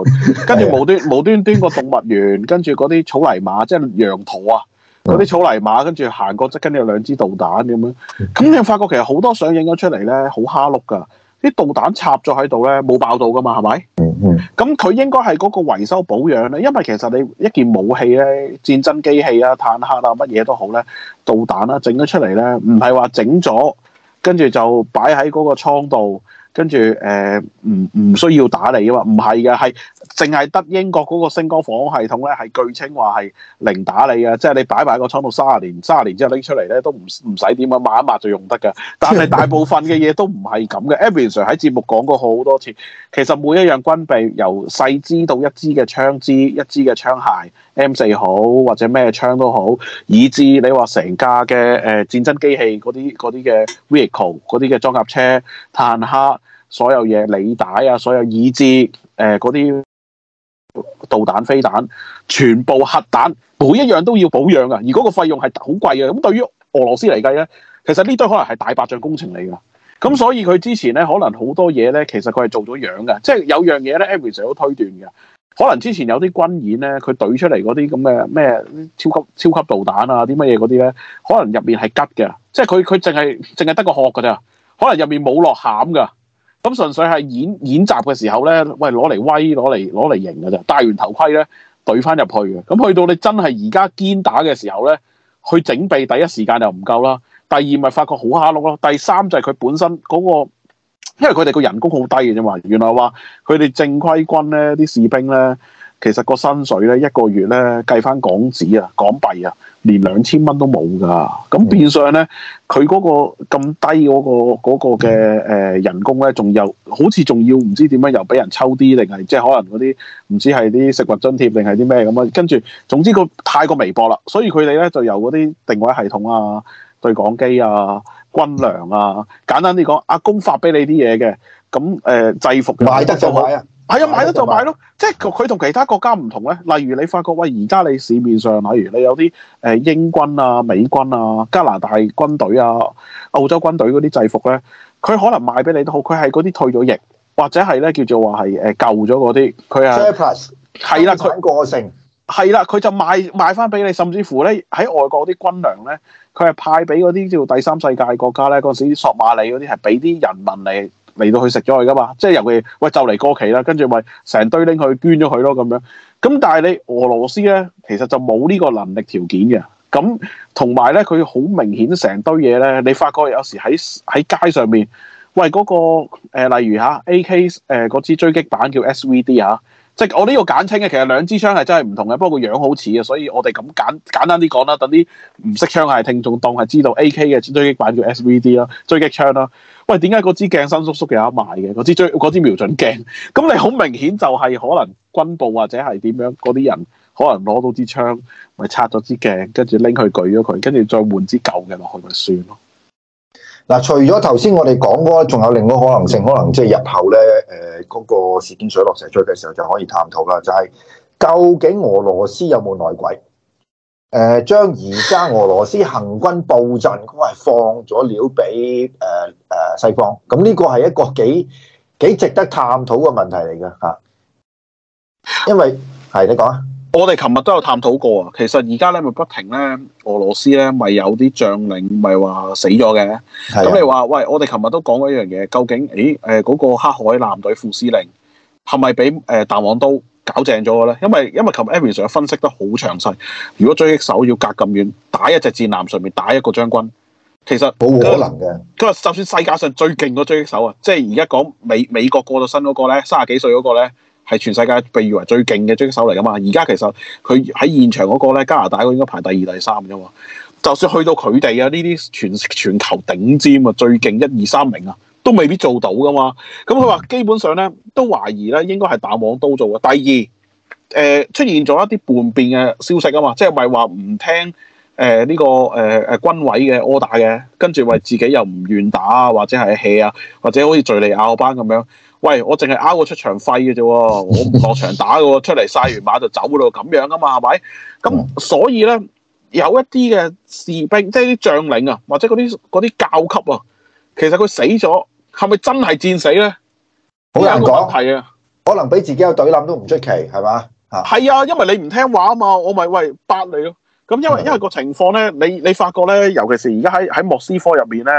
跟住無端無端端個動物園，跟住嗰啲草泥馬即係羊駝啊，嗰啲草泥馬跟住行過，即跟有兩支導彈咁樣，咁你發覺其實好多相影咗出嚟咧，好蝦碌噶。啲導彈插咗喺度咧，冇爆到噶嘛，係咪？嗯，嗯嗯。咁佢應該係嗰個維修保養咧，因為其實你一件武器咧，戰爭機器啊、坦克啊、乜嘢都好咧，導彈啦，整咗出嚟咧，唔係話整咗跟住就擺喺嗰個倉度，跟住誒唔唔需要打你啊嘛，唔係嘅係。淨係得英國嗰個星光防空系統咧，係據稱話係零打你啊，即係你擺埋喺個倉度三十年，三十年之後拎出嚟咧都唔唔使點啊，抹一抹就用得嘅。但係大部分嘅嘢都唔係咁嘅。 Abby Sir 喺節目講過好多次，其實每一樣軍備由細支到一支嘅槍支、一支嘅槍械 M 四好或者咩槍都好，以至你話成架嘅誒、呃、戰爭機器嗰啲啲嘅 vehicle 嗰啲嘅裝甲車、坦克、所有嘢履帶啊，所有以至誒嗰啲。呃導彈、飛彈，全部核彈，每一樣都要保養噶，而嗰個費用係好貴嘅。咁對於俄羅斯嚟計咧，其實呢堆可能係大白象工程嚟噶。咁所以佢之前咧，可能好多嘢咧，其實佢係做咗樣噶。即係有樣嘢咧，Eric 成日都推斷嘅，可能之前有啲軍演咧，佢懟出嚟嗰啲咁嘅咩超級超級導彈啊，啲乜嘢嗰啲咧，可能入面係吉嘅，即係佢佢淨係淨係得個殼噶咋，可能入面冇落餡噶。咁純粹係演演習嘅時候咧，喂，攞嚟威，攞嚟攞嚟型噶咋，戴完頭盔咧，懟翻入去嘅。咁去到你真係而家堅打嘅時候咧，去整備，第一時間又唔夠啦，第二咪發覺好下碌咯，第三就係佢本身嗰個，因為佢哋個人工好低嘅啫嘛。原來話佢哋正規軍咧，啲士兵咧。其實個薪水咧，一個月咧計翻港紙啊、港幣啊，連兩千蚊都冇㗎。咁變相咧，佢嗰、個咁低嗰、個嘅誒、個呃、人工咧，仲有好似仲要唔知點樣又俾人抽啲，定係即係可能嗰啲唔知係啲食物津貼，定係啲咩咁啊？跟住總之個太過微薄啦，所以佢哋咧就由嗰啲定位系統啊、對講機啊、軍糧啊，簡單啲講，阿公發俾你啲嘢嘅，咁、呃、誒制服買得就買啊！係啊，買咗就買咯，即係佢同其他國家唔同咧。例如你發覺喂，而家你市面上，例如你有啲誒英軍啊、美軍啊、加拿大軍隊啊、澳洲軍隊嗰啲制服咧，佢可能賣俾你都好，佢係嗰啲退咗役或者係咧叫做話係誒舊咗嗰啲，佢係，係啦，佢個性，係啦，佢就賣賣翻俾你，甚至乎咧喺外國啲軍糧咧，佢係派俾嗰啲叫第三世界國家咧，嗰時索馬里嗰啲係俾啲人民嚟。嚟到去食咗佢㗎嘛，即係尤其喂就嚟過期啦，跟住咪成堆拎去捐咗佢咯咁樣。咁但係你俄羅斯咧，其實就冇呢個能力條件嘅。咁同埋咧，佢好明顯成堆嘢咧，你發覺有時喺喺街上面。喂，嗰、那個、呃、例如嚇、啊、AK 誒、呃、嗰支狙擊版叫 SVD 啊，即係我呢個簡稱嘅。其實兩支槍係真係唔同嘅，不過個樣好似啊，所以我哋咁簡簡單啲講啦。等啲唔識槍械聽眾當係知道 AK 嘅狙擊版叫 SVD 啦，狙擊槍啦、啊。喂，點解嗰支鏡身縮縮嘅有得賣嘅？嗰支狙支瞄準鏡，咁你好明顯就係可能軍部或者係點樣嗰啲人可能攞到支槍，咪拆咗支鏡，跟住拎去舉咗佢，跟住再換支舊嘅落去咪算咯。嗱，除咗頭先我哋講過，仲有另外可能性，可能即係日後咧，誒、呃、嗰、那個事件水落石出嘅時候就可以探討啦。就係、是、究竟俄羅斯有冇內鬼？誒、呃，將而家俄羅斯行軍布陣，佢係放咗料俾誒誒西方。咁呢個係一個幾幾值得探討嘅問題嚟嘅嚇，因為係你講啊。我哋琴日都有探討過啊，其實而家咧咪不停咧，俄羅斯咧咪有啲將領咪話死咗嘅。咁的你話喂，我哋琴日都講過一樣嘢，究竟誒，誒、呃、嗰、那個黑海艦隊副司令係咪俾誒彈簧刀搞正咗嘅咧？因為因為琴日 Abby Sir 分析得好詳細，如果狙擊手要隔咁遠打一隻戰艦上面打一個將軍，其實冇可能嘅。佢話就算世界上最勁個狙擊手啊，即係而家講美美，美國過咗身嗰個咧，卅幾歲嗰、那個咧。係全世界被譽為最勁嘅狙擊手嚟噶嘛？而家其實佢喺現場嗰個咧，加拿大嗰個應該排第二、第三噶嘛。就算去到佢哋啊，呢啲全全球頂尖啊，最勁一二三名啊，都未必做到噶嘛。咁佢話基本上咧，都懷疑咧應該係打網刀做嘅。第二，誒、呃、出現咗一啲叛變嘅消息啊嘛，即係唔係話唔聽誒呢、呃呢個誒誒、呃、軍委嘅柯打嘅，跟住話自己又唔願意打啊，或者係氣啊，或者好似敍利亞班咁樣。喂，我淨係拗個出場費嘅啫，我唔落場打嘅喎， 出嚟曬完馬就走咯，咁樣噶嘛，係咪？咁所以咧，有一啲嘅士兵，即係啲將領啊，或者嗰啲啲教級啊，其實佢死咗，係咪真係戰死咧？好難講。係啊，可能俾自己個隊冧都唔出奇，係嘛？嚇。係啊，因為你唔聽話啊嘛，我咪喂，八你咯。咁因為的因為個情況咧，你你發覺咧，尤其是而家喺喺莫斯科入面咧。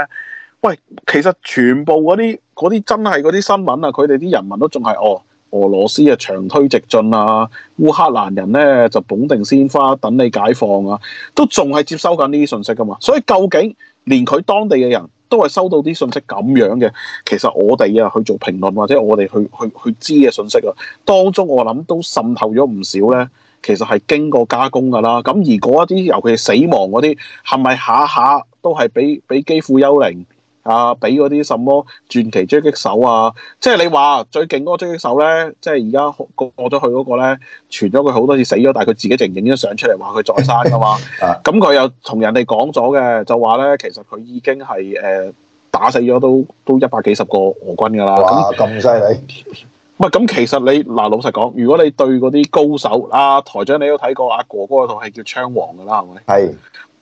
喂，其實全部嗰啲啲真係嗰啲新聞啊，佢哋啲人民都仲係哦，俄羅斯啊長推直進啊，烏克蘭人呢就捧定鮮花等你解放啊，都仲係接收緊呢啲信息噶嘛。所以究竟連佢當地嘅人都係收到啲信息咁樣嘅，其實我哋啊去做評論或者啊我哋去去去，去知嘅信息啊，當中我諗都滲透咗唔少呢。其實係經過加工噶啦。咁而嗰一啲，尤其係死亡嗰啲，係咪下下都係俾俾基輔幽靈？啊！俾嗰啲什麼傳奇狙擊手啊！即係你話最勁嗰個狙擊手咧，即係而家過咗去嗰個咧，傳咗佢好多次死咗，但係佢自己淨影咗相出嚟話佢在生噶嘛。咁佢、 嗯嗯、又同人哋講咗嘅，就話咧其實佢已經係誒、呃、打死咗都都一百幾十個俄軍㗎啦。哇！咁犀利。唔係咁，其實你嗱老實講，如果你對嗰啲高手，啊，台長你都睇過，阿、啊、哥哥嗰套戲叫槍王㗎啦，係咪？係是。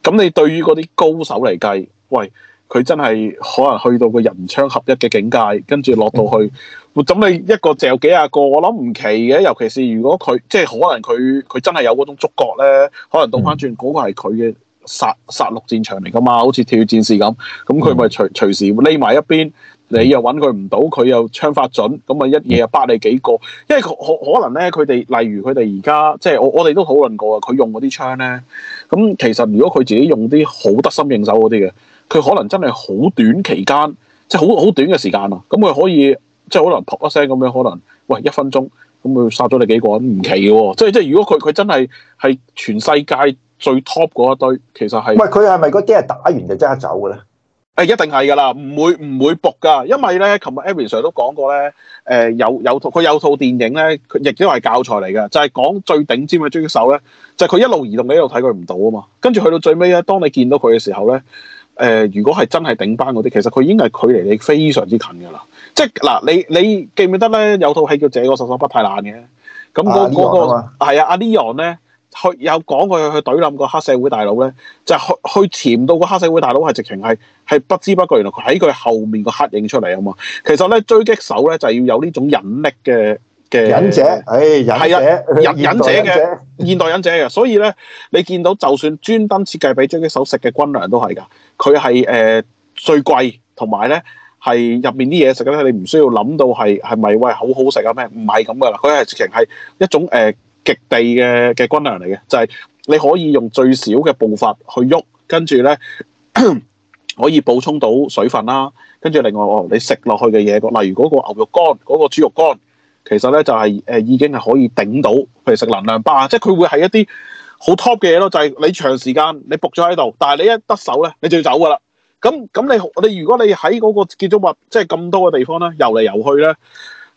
咁你對於嗰啲高手嚟計，喂？佢真係可能去到個人槍合一嘅境界，跟住落到去，咁你、嗯、一個就有幾廿個，我諗唔奇嘅。尤其是如果佢，即係可能佢，佢真係有嗰種觸覺咧，可能倒翻轉嗰個係佢嘅殺殺戮戰場嚟噶嘛，好似跳戰士咁。咁佢咪隨隨時匿埋一邊，你又揾佢唔到，佢又槍法準，咁啊一夜又百你幾個。因為可可能咧，佢哋例如佢哋而家，即係我我哋都討論過啊，佢用嗰啲槍咧，咁其實如果佢自己用啲好得心應手嗰啲嘅。佢可能真係好短期間，即係好好短嘅時間啊！咁佢可以即係可能噗一聲咁樣，可能喂一分鐘咁佢殺咗你幾個人唔奇嘅喎、哦。即係即係，如果佢佢真係係全世界最 top 嗰一堆，其實係喂，佢係咪嗰啲係打完就即刻走嘅咧？誒、欸，一定係噶啦，唔會唔會僕噶，因為咧，琴日 AbbySir 都講過咧，誒、呃、有有套佢有套電影咧，亦都係教材嚟嘅，就係、是、講最頂尖嘅狙擊手咧，就係、是、佢一路移動嘅一路睇佢唔到啊嘛，跟住去到最尾咧，當你見到佢嘅時候咧。呃嗯嗯嗯嗯誒、呃，如果係真係頂班嗰啲，其實佢已經係距離你非常之近㗎啦。即係嗱，你你記唔記得咧？有套戲叫這個殺手不太冷嘅，咁嗰嗰個係啊，阿嗎、啊啊、Leon 咧，有過有過呢就是、去有講佢去懟冧個黑社會大佬咧，就去去潛到個黑社會大佬係直情係係不知不覺，原來佢喺佢後面個黑影出嚟啊嘛。其實咧，狙擊手咧就是、要有呢種引力嘅。忍者，忍係啊，忍者忍，忍者嘅現代忍者嘅， 所以咧，你見到就算專登設計俾將啲手食嘅軍糧都係噶，佢係誒，最貴，同埋咧係入面啲嘢食咧，你唔需要諗到係係咪喂好好食啊咩？唔係咁噶啦，佢係直情係一種誒、呃、極地嘅嘅軍糧嚟嘅，就係、是、你可以用最少嘅步伐去喐，跟住咧可以補充到水分啦，跟住另外你食落去嘅嘢例如嗰個牛肉乾，嗰、那個豬肉乾。其實咧就係、是、誒、呃、已經係可以頂到，譬如食能量包啊，即係佢會係一啲好 top 嘅嘢咯。就係、是、你長時間你伏咗喺度，但係你一得手咧，你就要走噶啦。咁咁你你如果你喺嗰、那個建築物即係咁多嘅地方咧遊嚟遊去咧，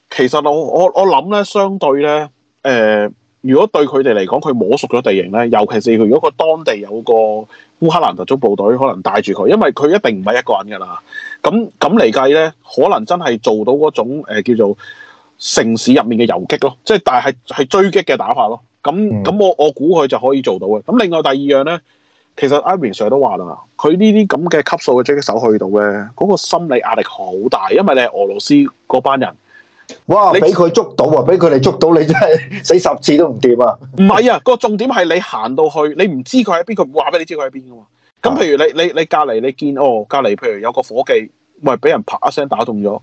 其實我我我諗咧，相對咧誒、呃，如果對佢哋嚟講，佢摸熟咗地形咧，尤其是如果個當地有個烏克蘭特種部隊可能帶住佢，因為佢一定唔係一個人噶啦。咁咁嚟計咧，可能真係做到嗰種、呃、叫做。城市入面嘅游擊咯，即係但係係追擊嘅打法咯。咁咁、嗯、我我估佢就可以做到嘅。咁另外第二樣咧，其實阿 Vin Sir 都話啦，佢呢啲咁嘅級數嘅狙擊手去到咧，嗰、嗰個心理壓力好大，因為你係俄羅斯嗰班人，哇！俾佢你捉到啊！俾佢哋捉到你真係死十次都唔掂 啊！唔係啊，個重點係你行到去，你唔知佢喺邊，佢唔話俾你知佢喺邊噶嘛。咁譬如你你你，你隔籬你見哦，隔籬譬如有個伙計喂俾人啪一聲打中咗。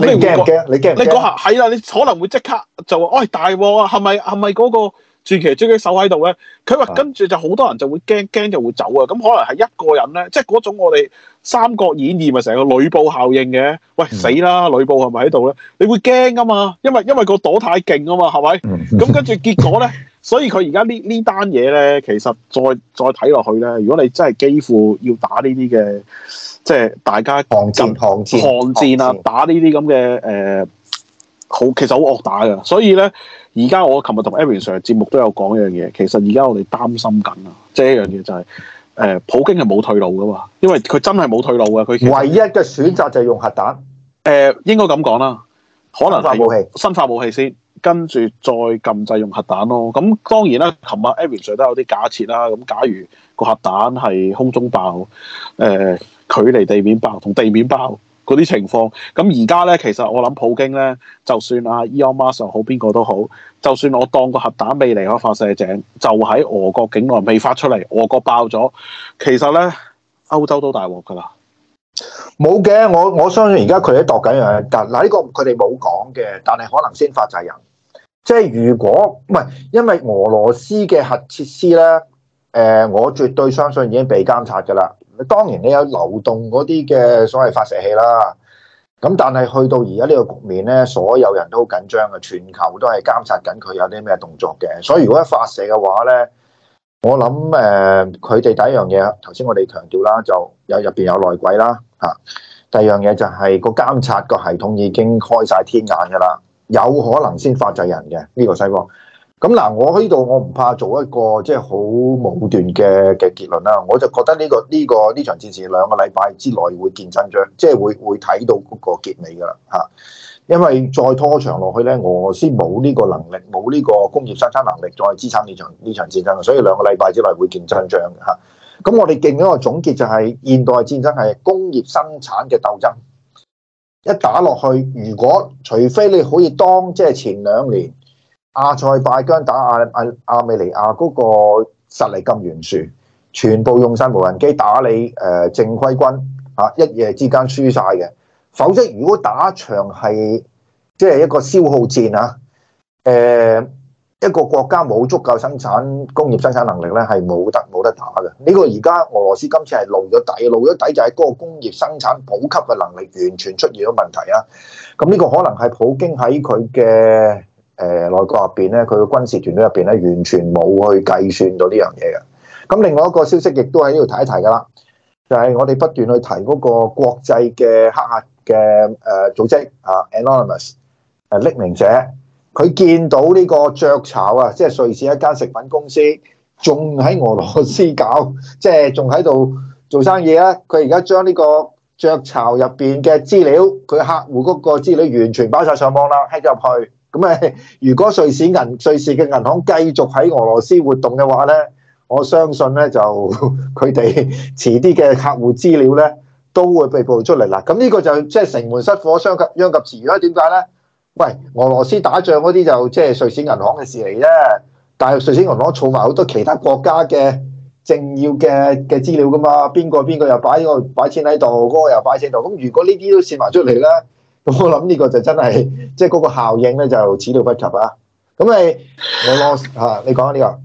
咁你驚？驚你驚？你講下係啦，你可能會即刻就話，喂、哎，大鑊啊！係咪係咪嗰個傳奇狙擊手喺度咧？佢話跟住就好多人就會驚驚，就會走啊！咁可能係一個人咧，即係嗰種我哋《三國演義》咪成個呂布效應嘅？喂，死啦！呂布係咪喺度咧？你會驚啊嘛，因為因為個朵太勁啊嘛，係咪？咁、嗯、跟住結果咧。 所以佢而家呢呢單嘢咧，其實再再睇落去咧，如果你真係幾乎要打呢啲嘅，即係大家抗戰、抗戰、抗戰啊，戰打呢啲咁嘅誒，好其實好惡打嘅。所以咧，而家我琴日同 Aaron Sir 上節目都有講一樣嘢，其實而家我哋擔心緊啊，即係一樣嘢就係、是、誒、呃，普京係冇退路噶嘛，因為佢真係冇退路嘅，佢唯一嘅選擇就係用核彈。誒、呃，應該咁講啦，可能生化武器、生化武器先。跟住再禁制用核彈咯，咁、嗯、當然啦。琴日 Abby 瑞都有啲假設啦。咁、嗯、假如個核彈係空中爆，誒、呃、距離地面爆同地面爆嗰啲情況，咁而家咧其實我諗普京咧，就算啊伊安馬索好邊個都好，就算我當個核彈未離開發射井，就喺俄國境內未發出嚟，俄國爆咗，其實咧歐洲都大鑊噶啦。冇嘅，我我相信而家佢喺度緊樣。嗱，呢個佢哋冇講嘅，但係可能先發制人。即係如果唔係，因為俄羅斯嘅核設施咧，誒、呃，我絕對相信已經被監察㗎啦。當然你有流動嗰啲嘅所謂發射器啦。咁但係去到而家呢個局面咧，所有人都好緊張嘅，全球都係監察緊佢有啲咩動作嘅。所以如果一發射嘅話咧，我諗誒，佢、呃、哋第一樣嘢，頭先我哋強調啦，就有入邊有內鬼啦。嚇、啊，第二樣嘢就係個監察個系統已經開晒天眼㗎啦。有可能先發制人嘅，呢、這個西方，咁嗱，我呢度我唔怕做一個即係好武斷嘅嘅結論啦，我就覺得呢、這個呢、這個呢場戰事兩個禮拜之內會見真章，即係會會睇到嗰個結尾噶啦嚇，因為再拖長落去咧，我先冇呢個能力，冇呢個工業生產能力再支撐呢場呢場戰爭，所以兩個禮拜之內會見真章嘅嚇。咁我哋勁一個總結就係、是、現代戰爭係工業生產嘅鬥爭。一打落去，如果除非你可以當即係前兩年阿塞拜疆打阿阿阿美尼亞嗰個實力咁懸殊，全部用晒無人機打你誒正規軍，吓一夜之間輸晒嘅。否則如果打場係即係一個消耗戰啊，誒、呃。一個國家冇足夠生產工業生產能力咧，係冇得冇得打嘅。呢個而家俄羅斯今次係露咗底，露咗底就係嗰個工業生產補給嘅能力完全出現咗問題啊。咁呢個可能係普京喺佢嘅誒內閣入邊咧，佢嘅軍事團隊入邊咧，完全冇去計算到呢樣嘢嘅。咁另外一個消息亦都喺呢度提一提噶啦，就係我哋不斷去提嗰個國際嘅黑客嘅誒組織啊，Anonymous 誒匿名者。佢見到呢個雀巢啊，即係瑞士一間食品公司，仲喺俄羅斯搞，即係仲喺度做生意啊。佢而家將呢個雀巢入邊嘅資料，佢客戶嗰個資料完全擺晒上網啦，喺咗入去。咁啊，如果瑞士銀、瑞士嘅銀行繼續喺俄羅斯活動嘅話咧，我相信咧就佢哋遲啲嘅客戶資料咧都會被爆出嚟啦。咁呢個就即係城門失火，殃及殃及池魚啦。點解咧？喂，俄羅斯打仗嗰啲就即係瑞士銀行嘅事嚟啫。但係瑞士銀行儲埋好多其他國家嘅政要嘅嘅資料㗎嘛？邊個邊個又擺個擺錢喺度，嗰個又擺錢喺度。咁如果呢啲都泄埋出嚟咧，咁我諗呢個就真係即係嗰個效應咧，就始料不及啊。咁你俄羅斯，你講下呢個。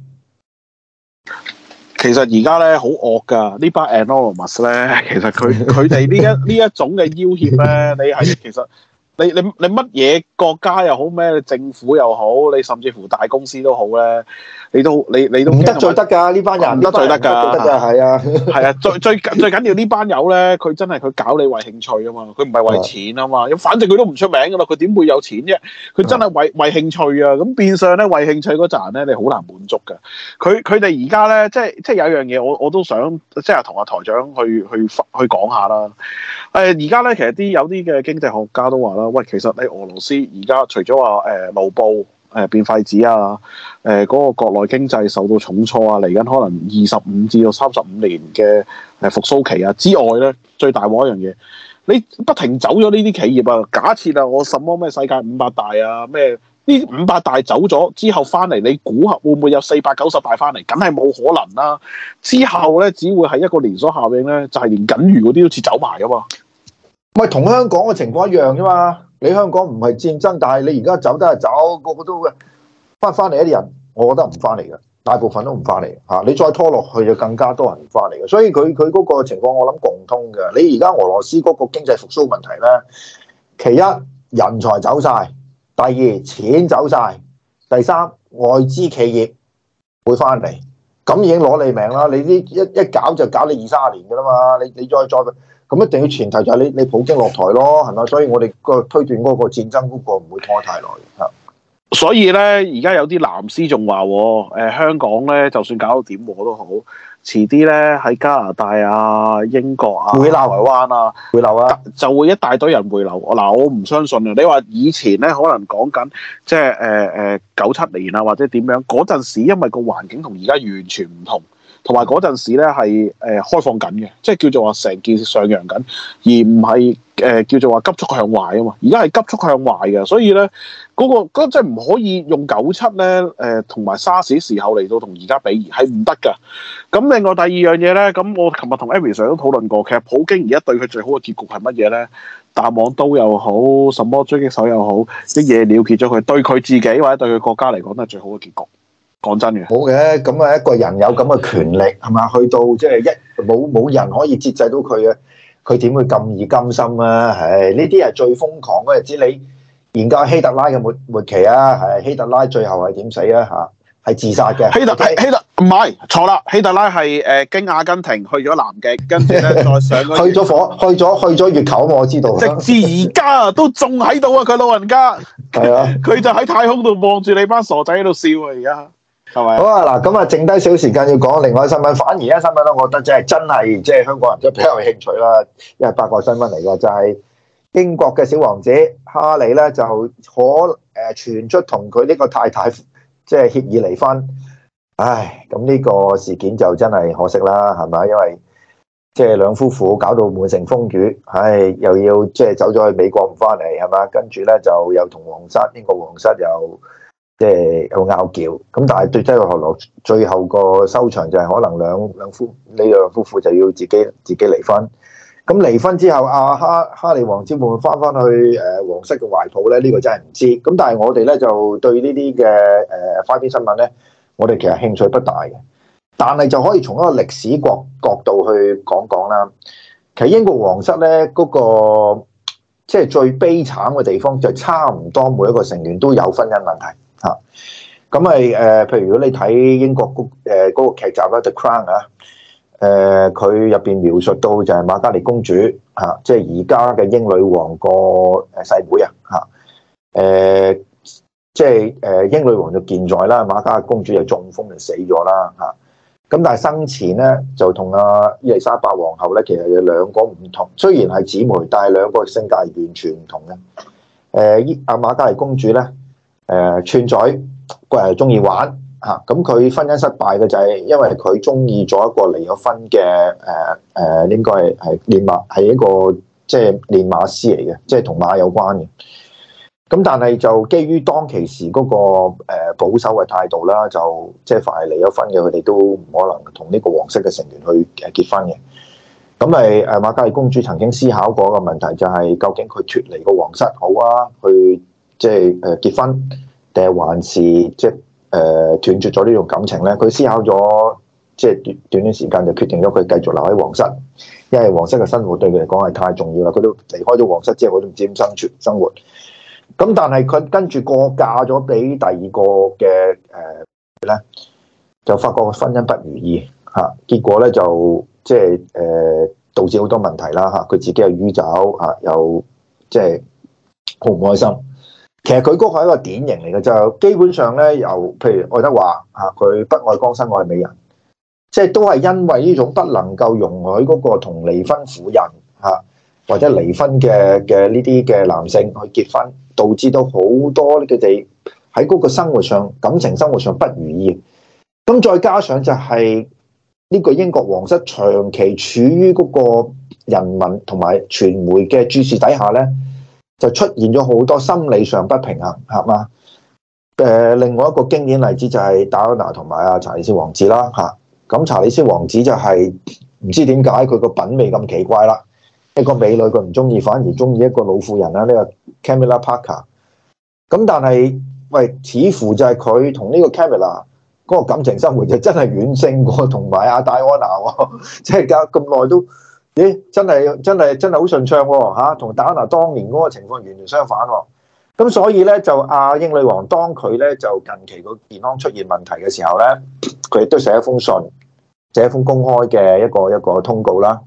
其實而家咧好惡㗎，呢班 Anonymous 咧，其實佢佢哋呢一呢一種嘅要脅咧，你係其實。你你你乜嘢國家又好，咩政府又好，你甚至乎大公司都好咧。你都你你都得罪得噶呢班人得、哦、罪得噶，得噶係啊，係啊，最，最最緊最緊要班呢班友咧，佢真係佢搞你為興趣啊嘛，佢唔係為錢啊嘛，反正佢都唔出名噶咯，佢點會有錢啫？佢真係為，為為興趣啊，咁變相咧為興趣嗰陣咧，你好難滿足噶。佢佢哋而家咧，即係即係有一樣嘢，我我都想即係同阿台長去去去講下啦。誒，而家咧其實啲有啲嘅經濟學家都話啦，喂，其實你俄羅斯而家除咗話誒盧布。誒、呃、變廢紙啊！誒嗰個國內經濟受到重挫啊，嚟緊可能二十五至到三十五年嘅誒復甦期啊之外咧，最大鑊一樣嘢，你不停走咗呢啲企業啊！假設啊，我什麼咩世界五百大啊咩呢五百大走咗之後翻嚟，你估吓會唔會有四百九十大翻嚟？梗係冇可能啦！之後咧、啊，只會係一個連鎖效應咧，就係、是、連僅餘嗰啲都似走埋嘅嘛。唔係同香港嘅情況一樣啫嘛～你香港唔係戰爭，但係你而家走都係走，個個都嘅翻翻嚟一啲人，我覺得唔翻嚟嘅，大部分都唔翻嚟嚇。你再拖落去就更加多人唔翻嚟嘅，所以佢佢嗰個情況我諗共通嘅。你而家俄羅斯嗰個經濟復甦問題咧，其一人才走晒；第二錢走晒；第三外資企業會翻嚟，咁已經攞你命啦。你啲一一搞就搞你二三十年㗎啦嘛，你你再再。咁、嗯、一定要前提就係你你普京落台咯，係咪？所以我哋個推斷嗰個戰爭嗰個唔會拖太耐。嚇，所以咧，而家有啲藍絲仲話誒香港咧，就算搞到點我都好，遲啲咧喺加拿大啊、英國啊，會流台灣啊，回流啊就，就會一大堆人回流。嗱，我唔相信啊！你話以前咧，可能講緊即係誒誒九七年啊，或者點樣嗰陣時，因為個環境同而家完全唔同。同埋嗰陣時咧係誒開放緊嘅，即係叫做話成件事上揚緊，而唔係誒叫做話急速向壞啊嘛。而家係急速向壞嘅，所以咧嗰、嗰個嗰即係唔可以用九七咧誒同埋沙士時候嚟到同而家比，係唔得㗎。咁另外第二樣嘢咧，咁我琴日同 Amy 成日都討論過，其實普京而家對佢最好嘅結局係乜嘢咧？打網刀又好，什麼狙擊手又好，一嘢了結咗佢，對佢自己或者對佢國家嚟講都係最好嘅結局。講真嘅，好嘅咁啊！一個人有咁嘅權力係咪？去到即係一冇冇人可以節制到佢嘅，佢點會咁易甘心啊？唉，呢啲係最瘋狂嗰日子。知你研究希特拉嘅末末期啊？係希特拉最後係點死啊？吓，係自殺嘅。希特我看 希特唔係錯啦，希特拉係誒、呃、經阿根廷去咗南極，跟住咧 再上去咗火，去咗去咗月球啊！我知道， 直至而家都仲喺度啊！佢老人家係 啊，佢就喺太空度望住你班傻仔喺度笑啊！而家。好啊！嗱，咁啊，剩低少時間要講另外新聞，反而啊新聞咧，我覺得即係真係，即係香港人即係比較有興趣啦，因為八卦新聞嚟嘅，就係英國嘅小王子哈利咧，就可誒傳出同佢呢個太太即係協議離婚。唉，咁呢個事件就真係可惜啦，係咪？因為即係兩夫婦搞到滿城風雨，唉，又要即係走咗去美國唔翻嚟，係嘛？跟住咧就又同皇室英國皇室又。即係有拗撬，咁但係最終落最後個收場就係可能兩兩夫呢兩夫婦就要自己自己離婚。咁離婚之後，阿哈哈利王子會唔會翻翻去誒皇室嘅懷抱咧，呢、呢個真係唔知。咁但係我哋咧就對快呢啲嘅誒花邊新聞咧，我哋其實興趣不大嘅。但係就可以從一個歷史角角度去講講啦。其實英國皇室咧嗰、那個即係、就是、最悲慘嘅地方就係、差唔多每一個成員都有婚姻問題。吓咁咪誒，譬、啊、如如果你睇英國誒嗰個劇集啦，《The Crown》啊，誒佢入邊描述到就係瑪嘉烈公主吓、啊，即係而家嘅英女王個誒細妹，妹啊吓，誒、啊、即係誒英女王就健在啦，瑪嘉烈公主就中風就死咗啦吓。咁、啊、但係生前咧就同阿、啊、伊麗莎白皇后咧，其實有兩個唔同，雖然係姊妹，但係兩個性格完全唔同嘅。誒、啊，阿瑪嘉烈公主咧。誒，串嘴誒，中意玩吓，咁佢婚姻失敗嘅就係因為佢中意咗一個離咗婚嘅誒誒，應該係係練馬係一個即係練馬師嚟嘅，即係同馬有關嘅。咁、啊、但係就基於當其時嗰個誒保守嘅態度啦，就即係、就是、快係離咗婚嘅，佢哋都唔可能同呢個皇室嘅成員去誒結婚嘅。咁咪誒，瑪嘉烈公主曾經思考過一個問題，就係究竟佢脫離個皇室好啊，去即係誒結婚定係還是即係誒斷絕咗呢種感情咧？佢思考咗即係短短短時間，就決定咗佢繼續留喺皇室，因為皇室嘅生活對佢嚟講係太重要啦。佢都離開咗皇室之後，我都唔知點生存生活。咁但係佢跟住過嫁咗俾第二個嘅誒咧，就發覺佢婚姻不如意嚇、啊，結果咧就即係誒導致好多問題啦嚇。佢、啊、自己又於找嚇又即係好唔開心。其實佢嗰個係一個典型嚟嘅，就基本上咧，由譬如愛德華啊，佢不愛江山愛美人，即係都係因為呢種不能夠容許嗰個同離婚婦人吓或者離婚嘅嘅呢啲嘅男性去結婚，導致到好多佢哋喺嗰個生活上、感情生活上不如意。咁再加上就係呢個英國皇室長期處於嗰個人民同埋傳媒嘅注視底下咧。就出現咗好多心理上不平衡，嚇嘛？誒、呃，另外一個經典例子就係戴安娜同埋啊查理斯王子啦，嚇。咁查理斯王子就係唔知點解佢個品味咁奇怪啦，一個美女佢唔中意，反而中意一個老婦人啦。呢個 Camilla Parker，咁但係喂，似乎就係佢同呢個 Camilla 嗰個感情生活就真係遠勝過同埋阿戴安娜，即係隔咁耐都。咦，真係真係真係好順暢吓，同戴安娜當年嗰個情況完全相反。咁所以咧，就阿、啊、英女王當佢咧就近期個健康出現問題嘅時候咧，佢亦都寫一封信，寫一封公開嘅一個一個通告啦，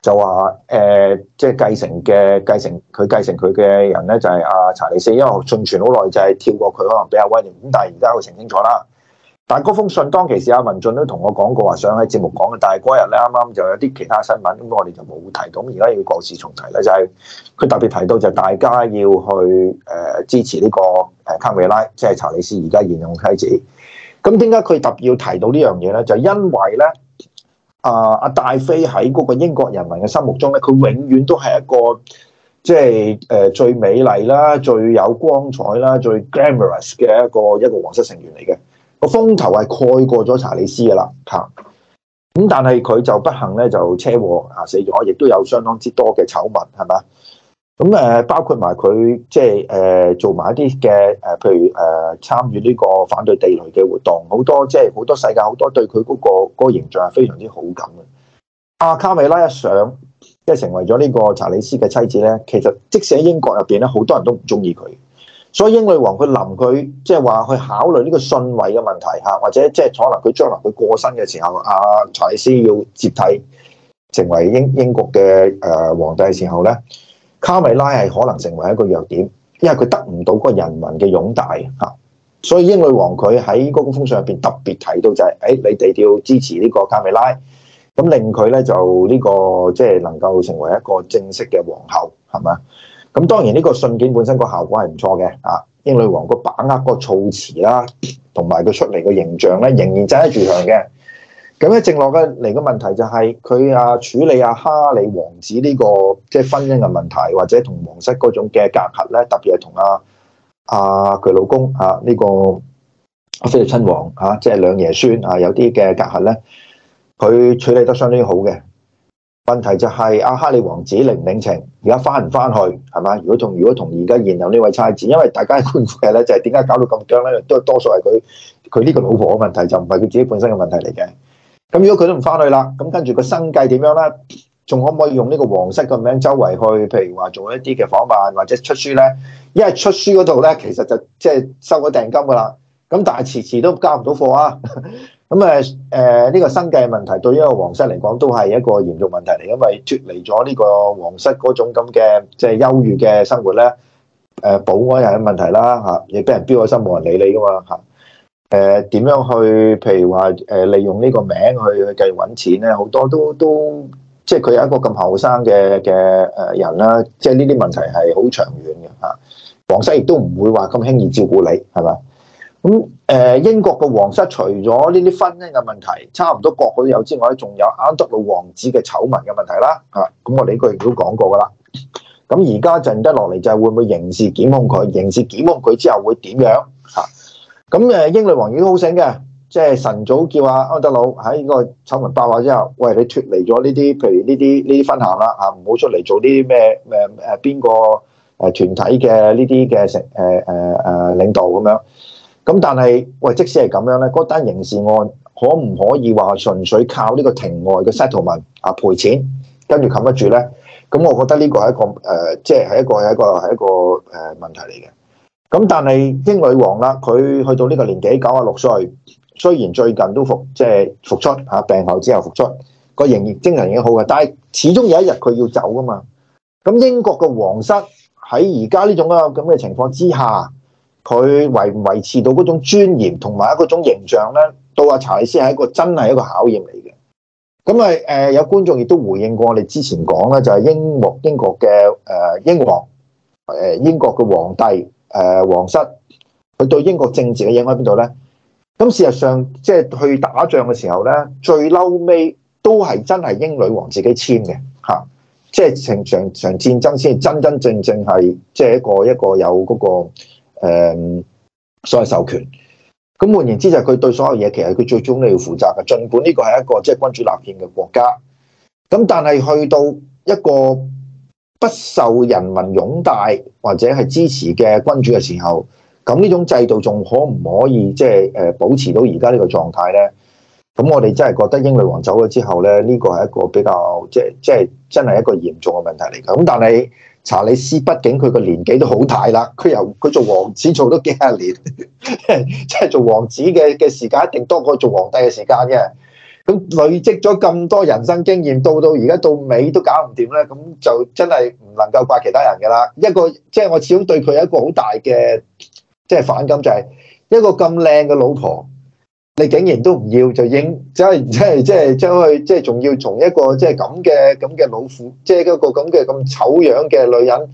就話誒、呃，即係繼承嘅繼承，佢繼承佢嘅人咧就係、是、阿、啊、查理斯，因為順傳好耐就係跳過佢可能俾阿威廉，咁但係而家佢澄清清楚啦。但嗰封信當其時，阿文進都同我講過話，想喺節目講嘅。但係嗰日咧，啱啱就有啲其他新聞，咁我哋就冇提到。而家要過時重提啦，就係佢特別提到就大家要去誒支持呢個誒卡梅拉，即係查理斯而家現任妻子。咁點解佢特別要提到呢樣嘢咧？就因為咧，阿阿戴妃喺嗰個英國人民嘅心目中咧，佢永遠都係一個即係誒最美麗啦、最有光彩啦、最 glamorous 嘅一個一個皇室成員嚟嘅。個風頭係蓋過咗查理斯噶啦，咁但係佢就不幸咧就車禍啊死咗，亦都有相當之多嘅醜聞係嘛，咁誒、嗯、包括埋佢即係誒、呃、做埋一啲嘅誒譬如誒參與呢個反對地雷嘅活動，好多即係好多世界好多對佢嗰個、嗰個形象係非常之好感嘅。阿卡米拉一上即係成為咗呢個查理斯嘅妻子咧，其實即使喺英國入邊咧，好多人都唔中意佢。所以英女王佢臨佢即係話去考慮呢個順位嘅問題嚇，或者即係可能佢將來佢過身嘅時候，阿查理斯要接替成為英英國嘅誒皇帝嘅時候咧，卡米拉係可能成為一個弱點，因為佢得唔到嗰人民嘅擁戴嚇。所以英女王佢喺嗰封信入邊特別提到就係、是，誒、哎、你哋要支持呢個卡米拉，咁令佢咧就呢、這個即係、就是、能夠成為一個正式嘅皇后，係咪？咁當然呢個信件本身個效果係唔錯嘅、啊，啊英女王個把握個措辭啦、啊，同埋佢出嚟個形象咧，仍然揸得住強嘅。咁咧正落嘅嚟個問題就係佢阿處理阿、啊、哈利王子呢、這個即係、就是、婚姻嘅問題，或者同皇室嗰種嘅隔閡咧，特別係同阿阿佢老公啊呢、這個菲啊菲利親王嚇，即、就、係、是、兩爺孫啊有啲嘅隔閡咧，佢處理得相當之好嘅。問題就係阿哈利王子領唔領情，而家翻唔翻去係嘛？如果同如果同而家現有呢位妻子，因為大家係官府嘅咧就係點解搞到咁僵咧？都係多數係佢佢呢個老婆嘅問題，就唔係佢自己本身嘅問題嚟嘅。咁如果佢都唔翻去啦，咁跟住個生計點樣咧？仲可唔可以用呢個皇室個名周圍去，譬如話做一啲嘅訪問或者出書咧？因為出書嗰度咧，其實就即係收咗訂金噶啦。咁但係遲遲都交唔到貨啊！ 咁誒誒呢個生計問題對於個皇室嚟講都係一個嚴重問題嚟，因為脫離咗呢個皇室嗰種咁嘅即係優裕嘅生活咧，誒保安又係問題啦嚇，你俾人標咗心冇人理你噶嘛嚇，誒、呃、點樣去譬如話誒利用呢個名去去繼續揾錢咧，好多都都即係佢有一個咁後生嘅嘅誒人啦，即係呢啲問題係好長遠嘅嚇，皇室亦都唔會話咁輕易照顧你，係咪？咁誒英國嘅皇室除咗呢啲婚姻嘅問題，差唔多各個都有之外，仲有安德魯王子嘅醜聞嘅問題啦。嚇，咁我哋一句都講過噶啦。咁而家剩得落嚟就係會唔會刑事檢控佢？刑事檢控佢之後會點樣？嚇，咁誒英女王已經好醒嘅，即係晨早叫阿安德魯喺個醜聞爆話之後，喂，你脱離咗呢啲，譬如呢啲呢啲分行啦，嚇，唔好出嚟做呢啲咩誒誒邊個誒團體嘅呢啲嘅成誒誒誒領導咁樣。咁但係喂，即使係咁樣咧，嗰單刑事案可唔可以話純粹靠呢個庭外嘅 settlement 啊賠錢跟住冚得住咧？咁我覺得呢個係一個誒，即係係一個係一個係一個誒問題嚟嘅。咁但係英女王啦，佢去到呢個年紀九啊六歲，雖然最近都復即係、就是、復出吓、啊、病後之後復出個營業精神已經好嘅，但係始終有一日佢要走噶嘛。咁英國嘅皇室喺而家呢種咁嘅情況之下，佢維唔維持到嗰種尊嚴同埋嗰種形象咧，到阿查理斯係一個真係一個考驗嚟嘅。咁咪誒有觀眾亦都回應過我哋之前講咧，就係英國英國嘅誒英王誒英國嘅皇帝誒皇室，佢對英國政治嘅影響喺邊度咧？咁事實上即係去打仗嘅時候咧，最嬲尾都係真係英女王自己簽嘅嚇，即係場場場戰爭先真真正正係即係一個一個有嗰個。誒，所謂授權。咁換言之，就佢對所有嘢，其實佢最終都要負責嘅。儘管呢個係一個即係君主立憲嘅國家，咁但係去到一個不受人民擁戴或者係支持嘅君主嘅時候，咁呢種制度仲可唔可以即係誒保持到而家呢個狀態呢？咁我哋真係覺得英女王走咗之後呢，呢、呢個係一個比較即係即係真係一個嚴重嘅問題嚟嘅。咁但係，查理斯畢竟佢個年紀都好大啦，佢由佢做王子做咗幾十年，即 係做王子嘅嘅時間一定多過做皇帝嘅時間嘅，咁累積咗咁多人生經驗，到到而家到尾都搞唔掂咧，咁就真係唔能夠怪其他人㗎啦。一個即係、就是、我始終對佢有一個好大嘅即係反感，就係一個咁靚嘅老婆。你竟然都唔要就應，即係即係即係將佢即係仲要從一個即係咁嘅咁嘅老虎，即係嗰個咁嘅咁醜樣嘅女人，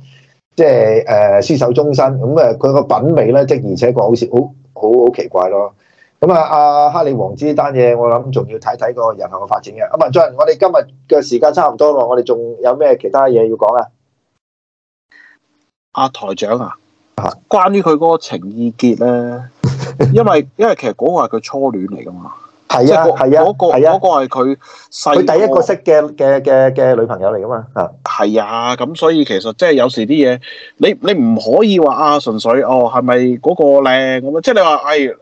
即係誒厮守終身。咁、嗯、啊，佢個品味咧，即而且講好似好好好奇怪咯。咁、嗯、啊，阿哈利王子單嘢，我諗仲要睇睇個日後嘅發展嘅。阿文進，我哋今日嘅時間差唔多咯，我哋仲有咩其他嘢要講啊？阿台長啊，關於佢嗰個情意結咧。 因為因為其實嗰個係佢初戀嚟噶嘛，係啊係啊嗰個係啊嗰個係佢細佢第一個識嘅嘅嘅嘅女朋友嚟噶嘛啊係啊咁所以其實即係有時啲嘢你你唔可以話啊純粹哦係咪嗰個靚咁啊即係你話誒誒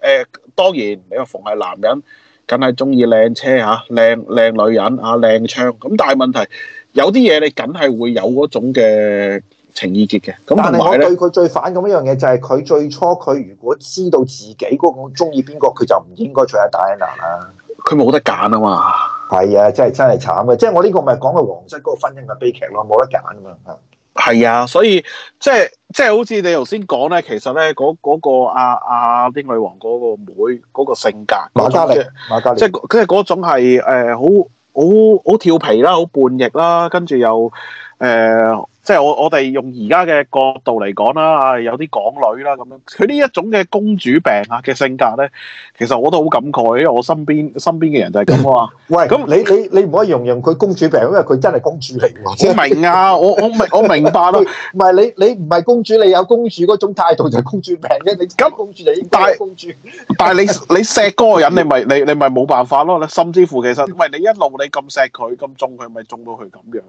當然你話逢係男人梗係中意靚車嚇靚靚女人啊靚槍咁但係問題有啲嘢你梗係會有嗰種嘅。情意結嘅，但係我對佢最反感一樣嘢就係佢最初佢如果知道自己嗰個鍾意邊個，佢就唔應該再喺戴安娜啦。佢冇得揀啊嘛。係啊，真係真係慘嘅。即係我呢個咪講個王室嗰個婚姻嘅悲劇咯，冇得揀啊嘛。係啊，所以即係即係好似你頭先講咧，其實咧嗰、嗰個阿阿英女王嗰個妹嗰、嗰個、性格，瑪嘉烈，瑪嘉烈，即係即係嗰種係好好好調皮啦，好叛逆啦，跟住又誒。呃即係我我哋用而家嘅角度嚟講啦，啊有啲港女啦咁樣，佢呢一種嘅公主病啊嘅性格咧，其實我都好感慨，因為我身邊身邊嘅人就係咁話。喂，咁你你你唔可以形容佢公主病，因為佢真係公主嚟。我明啊，我我明我明白咯。唔係你你唔係公主，你有公主嗰種態度就係公主病嘅。你咁公主就應該係公主。但係你你錫個人，你咪你你咪冇辦法咯。甚至乎其實，因為你一路你咁錫佢咁中佢，咪中到佢咁樣。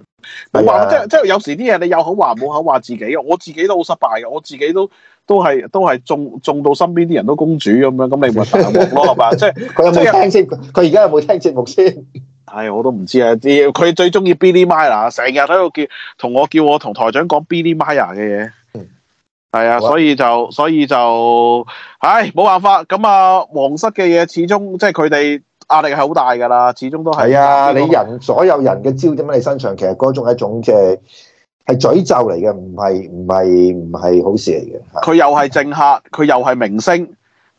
我話、啊、即係即係有時啲嘢你有口話冇口話自己嘅，我自己都好失敗嘅，我自己都都係都係中中到身邊啲人都公主咁樣，咁你咪沉默咯係嘛？即係佢 有冇聽先？佢而家有冇聽節目先？係、 哎、我都唔知啊！啲佢最中意 Billy Meyer，成日喺度叫同我叫我同台長講 Billy Meyer 嘅嘢。嗯，係啊，啊所，所以就所以就唉，冇辦法。咁啊，皇室嘅嘢始終即係佢哋。壓力係好大噶啦，始終都係、係、這個、啊！你人所有人嘅焦點喺你身上，其實嗰種一種嘅係係詛咒嚟嘅，唔係唔係唔係好事嚟嘅。佢又係政客，佢又係明星，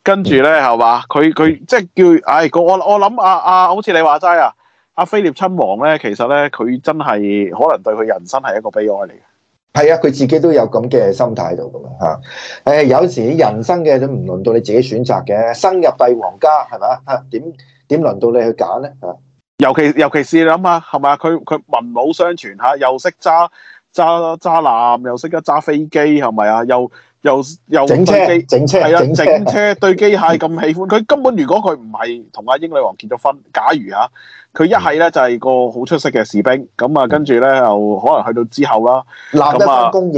跟住咧係嘛？佢佢、嗯、即係叫唉！我我諗阿阿，好似你話齋啊，阿菲臘親王咧，其實咧佢真係可能對佢人生係一個悲哀嚟嘅。係啊，佢自己都有咁嘅心態度噶吓。誒、啊，有時人生嘅都唔輪到你自己選擇嘅，生入帝王家係咪？點？點輪到你去揀咧？吓，尤其尤其是你諗下係咪啊？佢佢文武雙全吓，又識揸揸揸艦，又識得揸飛機，係咪啊？又又又整車整對車係啊！整車對機車械咁喜歡，佢根本如果佢唔係同阿英女王結咗婚，假如啊，佢一係咧就係個好出色嘅士兵，咁啊，跟住咧又可能去到之後啦，男一翻工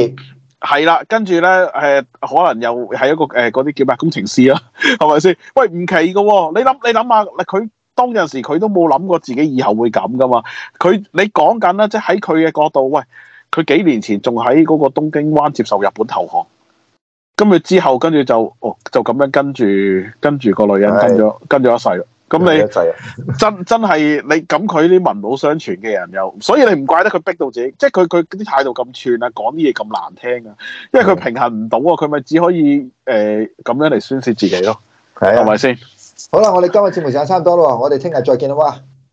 係啦，跟住咧，誒可能又係一個誒嗰啲叫咩工程師啦，係咪先？喂，唔奇嘅喎、哦，你諗你諗下，佢當陣時佢都冇諗過自己以後會咁噶嘛，佢你講緊啦，即係喺佢嘅角度，喂，佢幾年前仲喺嗰個東京灣接受日本投降，跟住之後跟住就哦就咁樣跟住跟住個女人跟咗是的 跟咗一世。咁你真 真係你咁佢啲文武雙全嘅人又，所以你唔怪得佢逼到自己，即係佢佢啲態度咁串啊，講啲嘢咁難聽啊，因為佢平衡唔到啊，佢咪只可以誒咁、呃、樣嚟宣泄自己咯，係咪先？好啦，我哋今日節目時間差唔多啦喎，我哋聽日再見啦，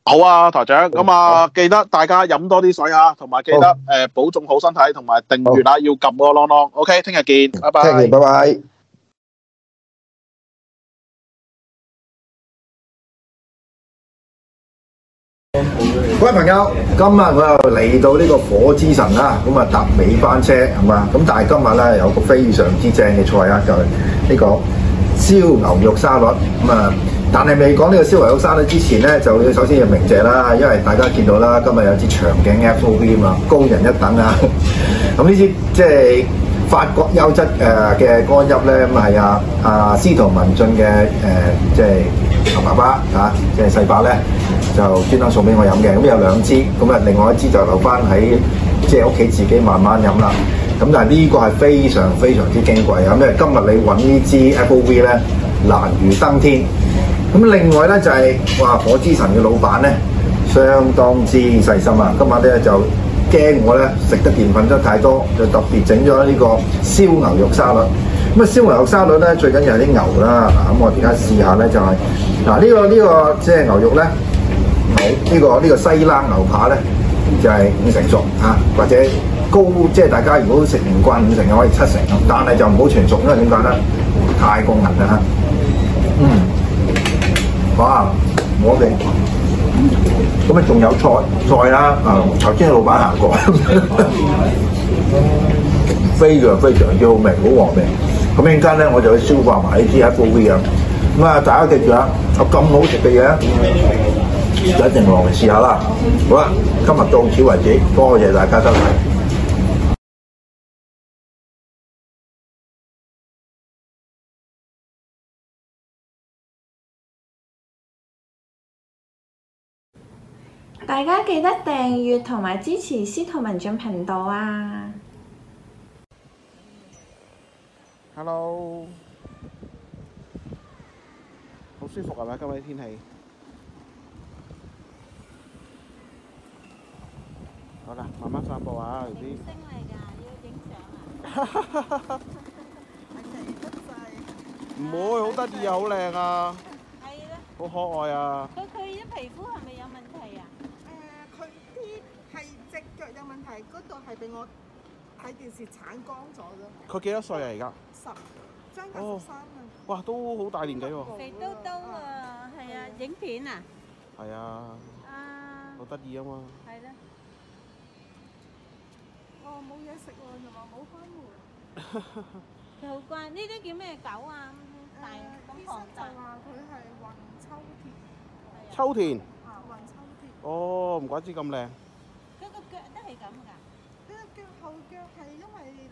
好，好啊，台長，咁啊、嗯、記得大家飲多啲水啊，同埋記得誒好保重好身體，同埋訂閱啊好要撳個啷啷，OK，聽日見，拜拜，拜拜。各位朋友，今日我又嚟到呢個火之神啦。咁啊搭尾班車係嘛，咁但係今日咧有個非常之正嘅菜啊，就係呢個燒牛肉沙律，咁啊，但係未講呢個燒牛肉沙律之前咧，就要首先要鳴謝啦，因為大家見到啦，今日有支長頸 F O V 啊嘛，高人一等啊，咁呢啲即係。就是法國優質誒嘅干邑咧，咁係啊啊司徒文進嘅誒，即係阿爸爸啊，即係細、啊、伯咧，就專登送俾我飲嘅。咁、嗯、有兩支，咁、嗯、啊另外一支就留翻喺即係屋企自己慢慢飲啦。咁、嗯、但係呢個係非常非常之矜貴啊！因、嗯、為今日你揾呢支 Apple V 咧難如登天。咁、嗯、另外咧就係、是、哇，火之神嘅老闆咧相當之細心啊！今晚咧就～驚我咧食得澱粉質太多，就特別整咗呢個燒牛肉沙律。咁啊，燒牛肉沙律咧最緊要係啲牛啦。咁、啊啊、我而家試下咧就係、是、嗱，呢、啊這個呢、這個即係牛肉咧，牛呢、這個呢、這個西冷牛扒咧就係、是、五成熟啊，或者高即係、就是、大家如果食唔慣五成嘅可以七成，但係就唔好全熟，因為點解咧？太過韌啦嚇。嗯，哇，我哋。咁啊，仲有菜菜啦，啊、嗯，頭先老闆行過，非 常非常之好味，好黃味。咁一陣間咧，我就去消化埋啲喺度飛啊。咁啊，大家記住啊，有咁好食嘅嘢，就一定落嚟試下啦。好啦，今日到此為止，多謝大家收睇。大家記得訂閱同埋支持司徒文進頻道啊！Hello，好舒服啊！今日天氣。好啦，慢慢散步啊！明星嚟㗎，要影相啊！哈哈哈！唔會，好得意啊，好靚啊，好可愛啊！佢佢啲皮膚係咪有問題？係嗰度係俾我睇電視鏟光咗啫。佢幾多歲嚟噶？而家？十，將近十三啦。哇，都好大年紀喎。肥嘟嘟啊，係啊，影片啊。係啊。啊。好得意啊嘛。係啦。哦，冇嘢食喎，仲話冇關門。佢好乖。呢啲叫咩狗啊？大金毛仔。醫生就話佢係雲秋田。秋田。雲秋田。哦，唔怪之咁靚。係咁噶，嗰隻腳後腳係因為。